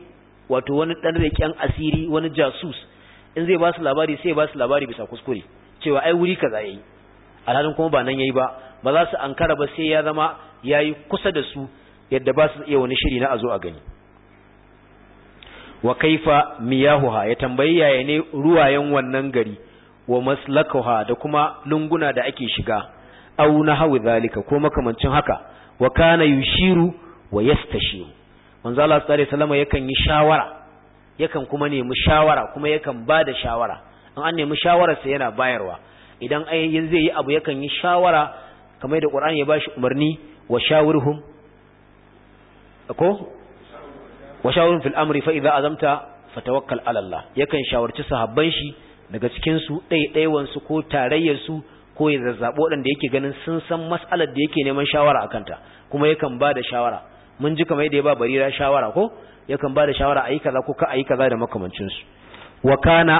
wato wani ɗan reƙen asiri wani jasus in zai ba su labari sai ba su labari bisa kuskure cewa ai wuri ka yayi alhalin kuma ba nan yayi ba ba za su ankara ba sai ya zama yayi kusa da su yadda ba su iya wani shiri na a a gani wa kaifa miyahuha ya tambayi yaya ne ruwayen wannan gari wa maslakuha da kuma lunguna da ake shiga aw nahwu zalika ko makamancin haka wa kana yushiru wa yastashiru manzo Allah sallallahu alaihi wasallam yakan yi shawara yakan kuma nemi shawara kuma yakan ba da shawara in an nemi shawararsa yana bayarwa idan ai zai yi abu yakan yi shawara kamar da Qur'ani ya bashi umarni wa shawirhum ko wa shawirhum fil amri fa idza azamta fatawakkal ala Allah yakan shawarci sahabban shi daga cikin su ɗaiɗaiwan su ko tarayyar su ko ya zazzabo waɗanda yake ganin sun san mas'alar da yake neman shawara akan ta kuma yakan ba da shawara mun ji kamar yadda ya ba barira shawara ko yakan ba da shawara ayi kaza ko ka ayi kaza da makamancinsu. su wa kana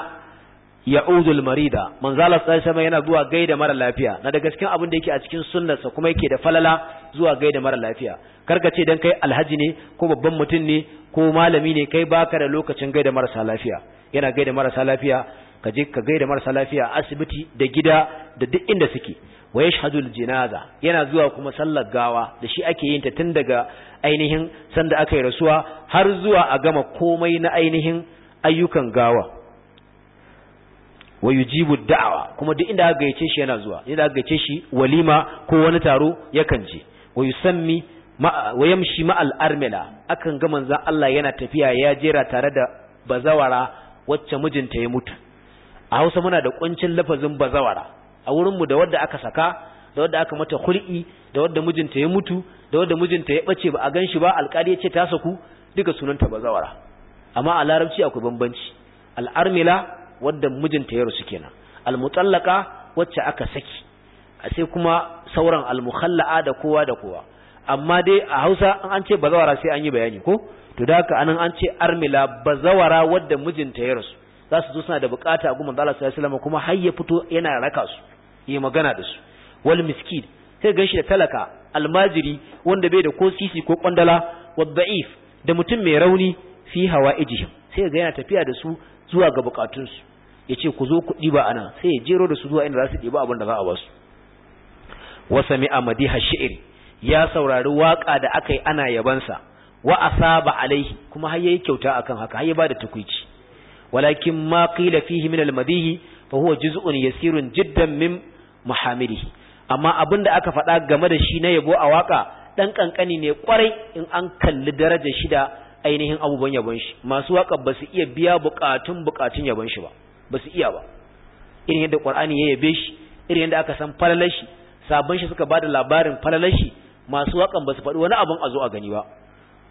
ya'udul marida manzo Allah sallallahu yana zuwa gaida mara lafiya na da cikin abin da yake a cikin sunnarsa kuma yake da falala zuwa gaida mara lafiya ka ce dan kai alhaji ne ko babban mutum ne ko malami ne kai baka da lokacin gaida marasa lafiya yana gaida marasa lafiya ka je ka gaida marasa lafiya asibiti da gida da duk inda suke wa yashhadul jinaza yana zuwa kuma sallar gawa da shi ake yin ta tun daga ainihin sanda aka yi rasuwa har zuwa a gama komai na ainihin ayyukan gawa wa yujibu da'awa kuma duk inda aka gaice shi yana zuwa inda aka gaice shi walima ko wani taro yakan je wa yusammi wa yamshi ma'al armila akan ga manzon Allah yana tafiya ya jera tare da bazawara wacce mijinta ya mutu a hausa muna da kuncin lafazin bazawara a wurinmu da wadda aka saka da wadda aka mata hul'i da wadda mijinta ya mutu da wadda mijinta ya bace ba a gan shi ba alƙali ya ce ta saku duka sunanta bazawara amma a larabci akwai bambanci al'armila wadda mijinta ya rusu kenan almutallaka wacce aka saki a sai kuma sauran almukhalla'a da kowa da kowa amma dai a Hausa an ce bazawara sai an yi bayani ko to da haka anan an ce armila bazawara wadda mijinta ya rasu za su zo suna da bukata a gumin Allah sai salama kuma har ya fito yana raka su yi magana da su wal miskin sai ganshi da talaka almajiri wanda bai da ko sisi ko kwandala wadda'if da mutum mai rauni fi hawaijihim sai ga yana tafiya da su zuwa ga bukatunsu yace ku zo ku diba nan, sai ya jero da su zuwa inda za su diba abin da za a ba su wa sami'a madiha shi'ri ya saurari waka da akai ana yabansa wa asaba alaihi kuma har yayi kyauta akan haka har ya ba da tukuici walakin ma qila fihi min al-madihi fa huwa juz'un yasirun jiddan min muhammidihi amma abinda aka faɗa game da shi na yabo a waka ɗan kankani ne kwarai in an kalli darajar shida ainihin abubuwan yabon shi masu waka ba su iya biya bukatun bukatun yabon shi ba ba su iya ba irin yadda qur'ani ya yabe shi irin yadda aka san falalar shi sabon shi suka ba da labarin falalar shi masu wakan ba su faɗi wani abun a zo a gani ba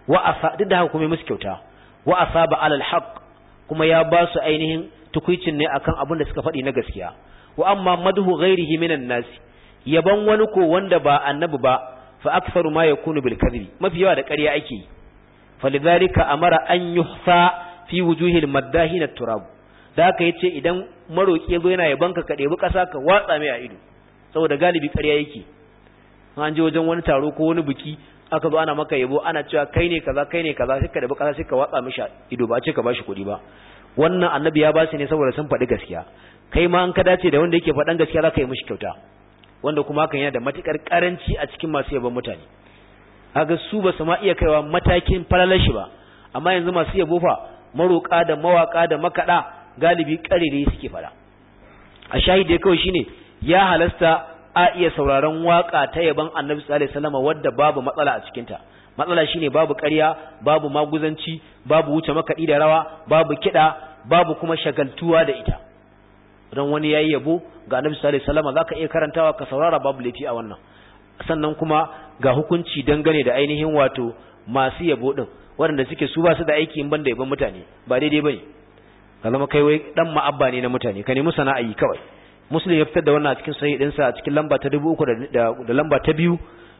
wa asa duk da haka kuma musu kyauta wa'asa asaba alal haqq kuma ya ba su ainihin tukuicin ne akan abin da suka faɗi na gaskiya wa amma madhu ghairihi minan nasi yaban wani ko wanda ba annabi ba fa aktharu ma yakunu bil kadhibi mafi yawa da ƙarya ake yi falidhalika amara an yuhsa fi wujuhil maddahin turab da haka yace idan maroki yazo yana yaban ka ka debi kasa ka watsa mai a ido saboda galibi ƙarya yake an je wajen wani taro ko wani biki aka zo ana maka yabo ana cewa kai ne kaza kai ne kaza sai ka dabi kasa sai ka watsa mishi ido ba ce ka bashi kuɗi ba wannan annabi ya ba shi ne saboda sun faɗi gaskiya kai ma an ka dace da wanda yake faɗan gaskiya za ka yi mishi kyauta wanda kuma hakan yana da matukar karanci a cikin masu yabon mutane kaga su ba su ma iya kaiwa matakin falalar shi ba amma yanzu masu yabo fa maroƙa da mawaƙa da makaɗa galibi ƙarere suke faɗa a shahidi kawai shine ya halasta a iya sauraron waka ta yaban annabi sallallahu alaihi wasallam wadda babu matsala a cikinta matsala shine babu ƙarya babu maguzanci babu wuce makaɗi da rawa babu kiɗa babu kuma shagaltuwa da ita don wani yayi yabo ga annabi sallallahu alaihi wasallam zaka iya karantawa ka saurara babu laifi a wannan sannan kuma ga hukunci dangane da ainihin wato masu yabo din waɗanda suke su ba su da aiki in ban da mutane ba daidai bane ka zama kai wai dan ma'abba ne na mutane ka nemi sana'a yi kawai muslim ya fitar da wannan a cikin sahih dinsa a cikin lamba ta 3000 da lamba ta biyu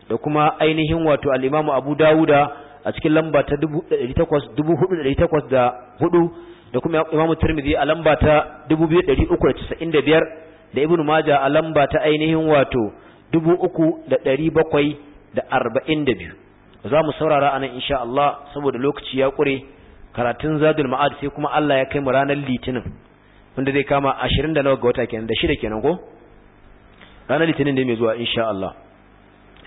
da kuma ainihin wato al-imam abu dawuda a cikin lamba ta 4800 da kuma imam tirmidhi a lamba ta 2395 da Ibn majah a lamba ta ainihin wato 3742 za mu saurara anan insha Allah saboda lokaci ya kure karatun zadul ma'ad sai kuma Allah ya kai mu ranar litinin wanda zai kama 20 da nawa ga wata kenan da shida kenan ko ranar litinin da mai zuwa insha Allah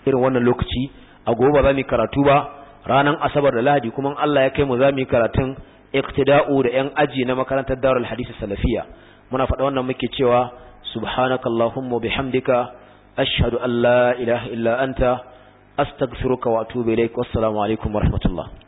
irin wannan lokaci a gobe za mu karatu ba ranar asabar da lahadi kuma Allah ya kai mu za mu karatun iqtida'u da yan aji na makarantar darul hadisi salafiya muna faɗa wannan muke cewa subhanakallahumma bihamdika ashhadu an la ilaha illa anta astaghfiruka wa atubu ilaik wassalamu alaikum warahmatullahi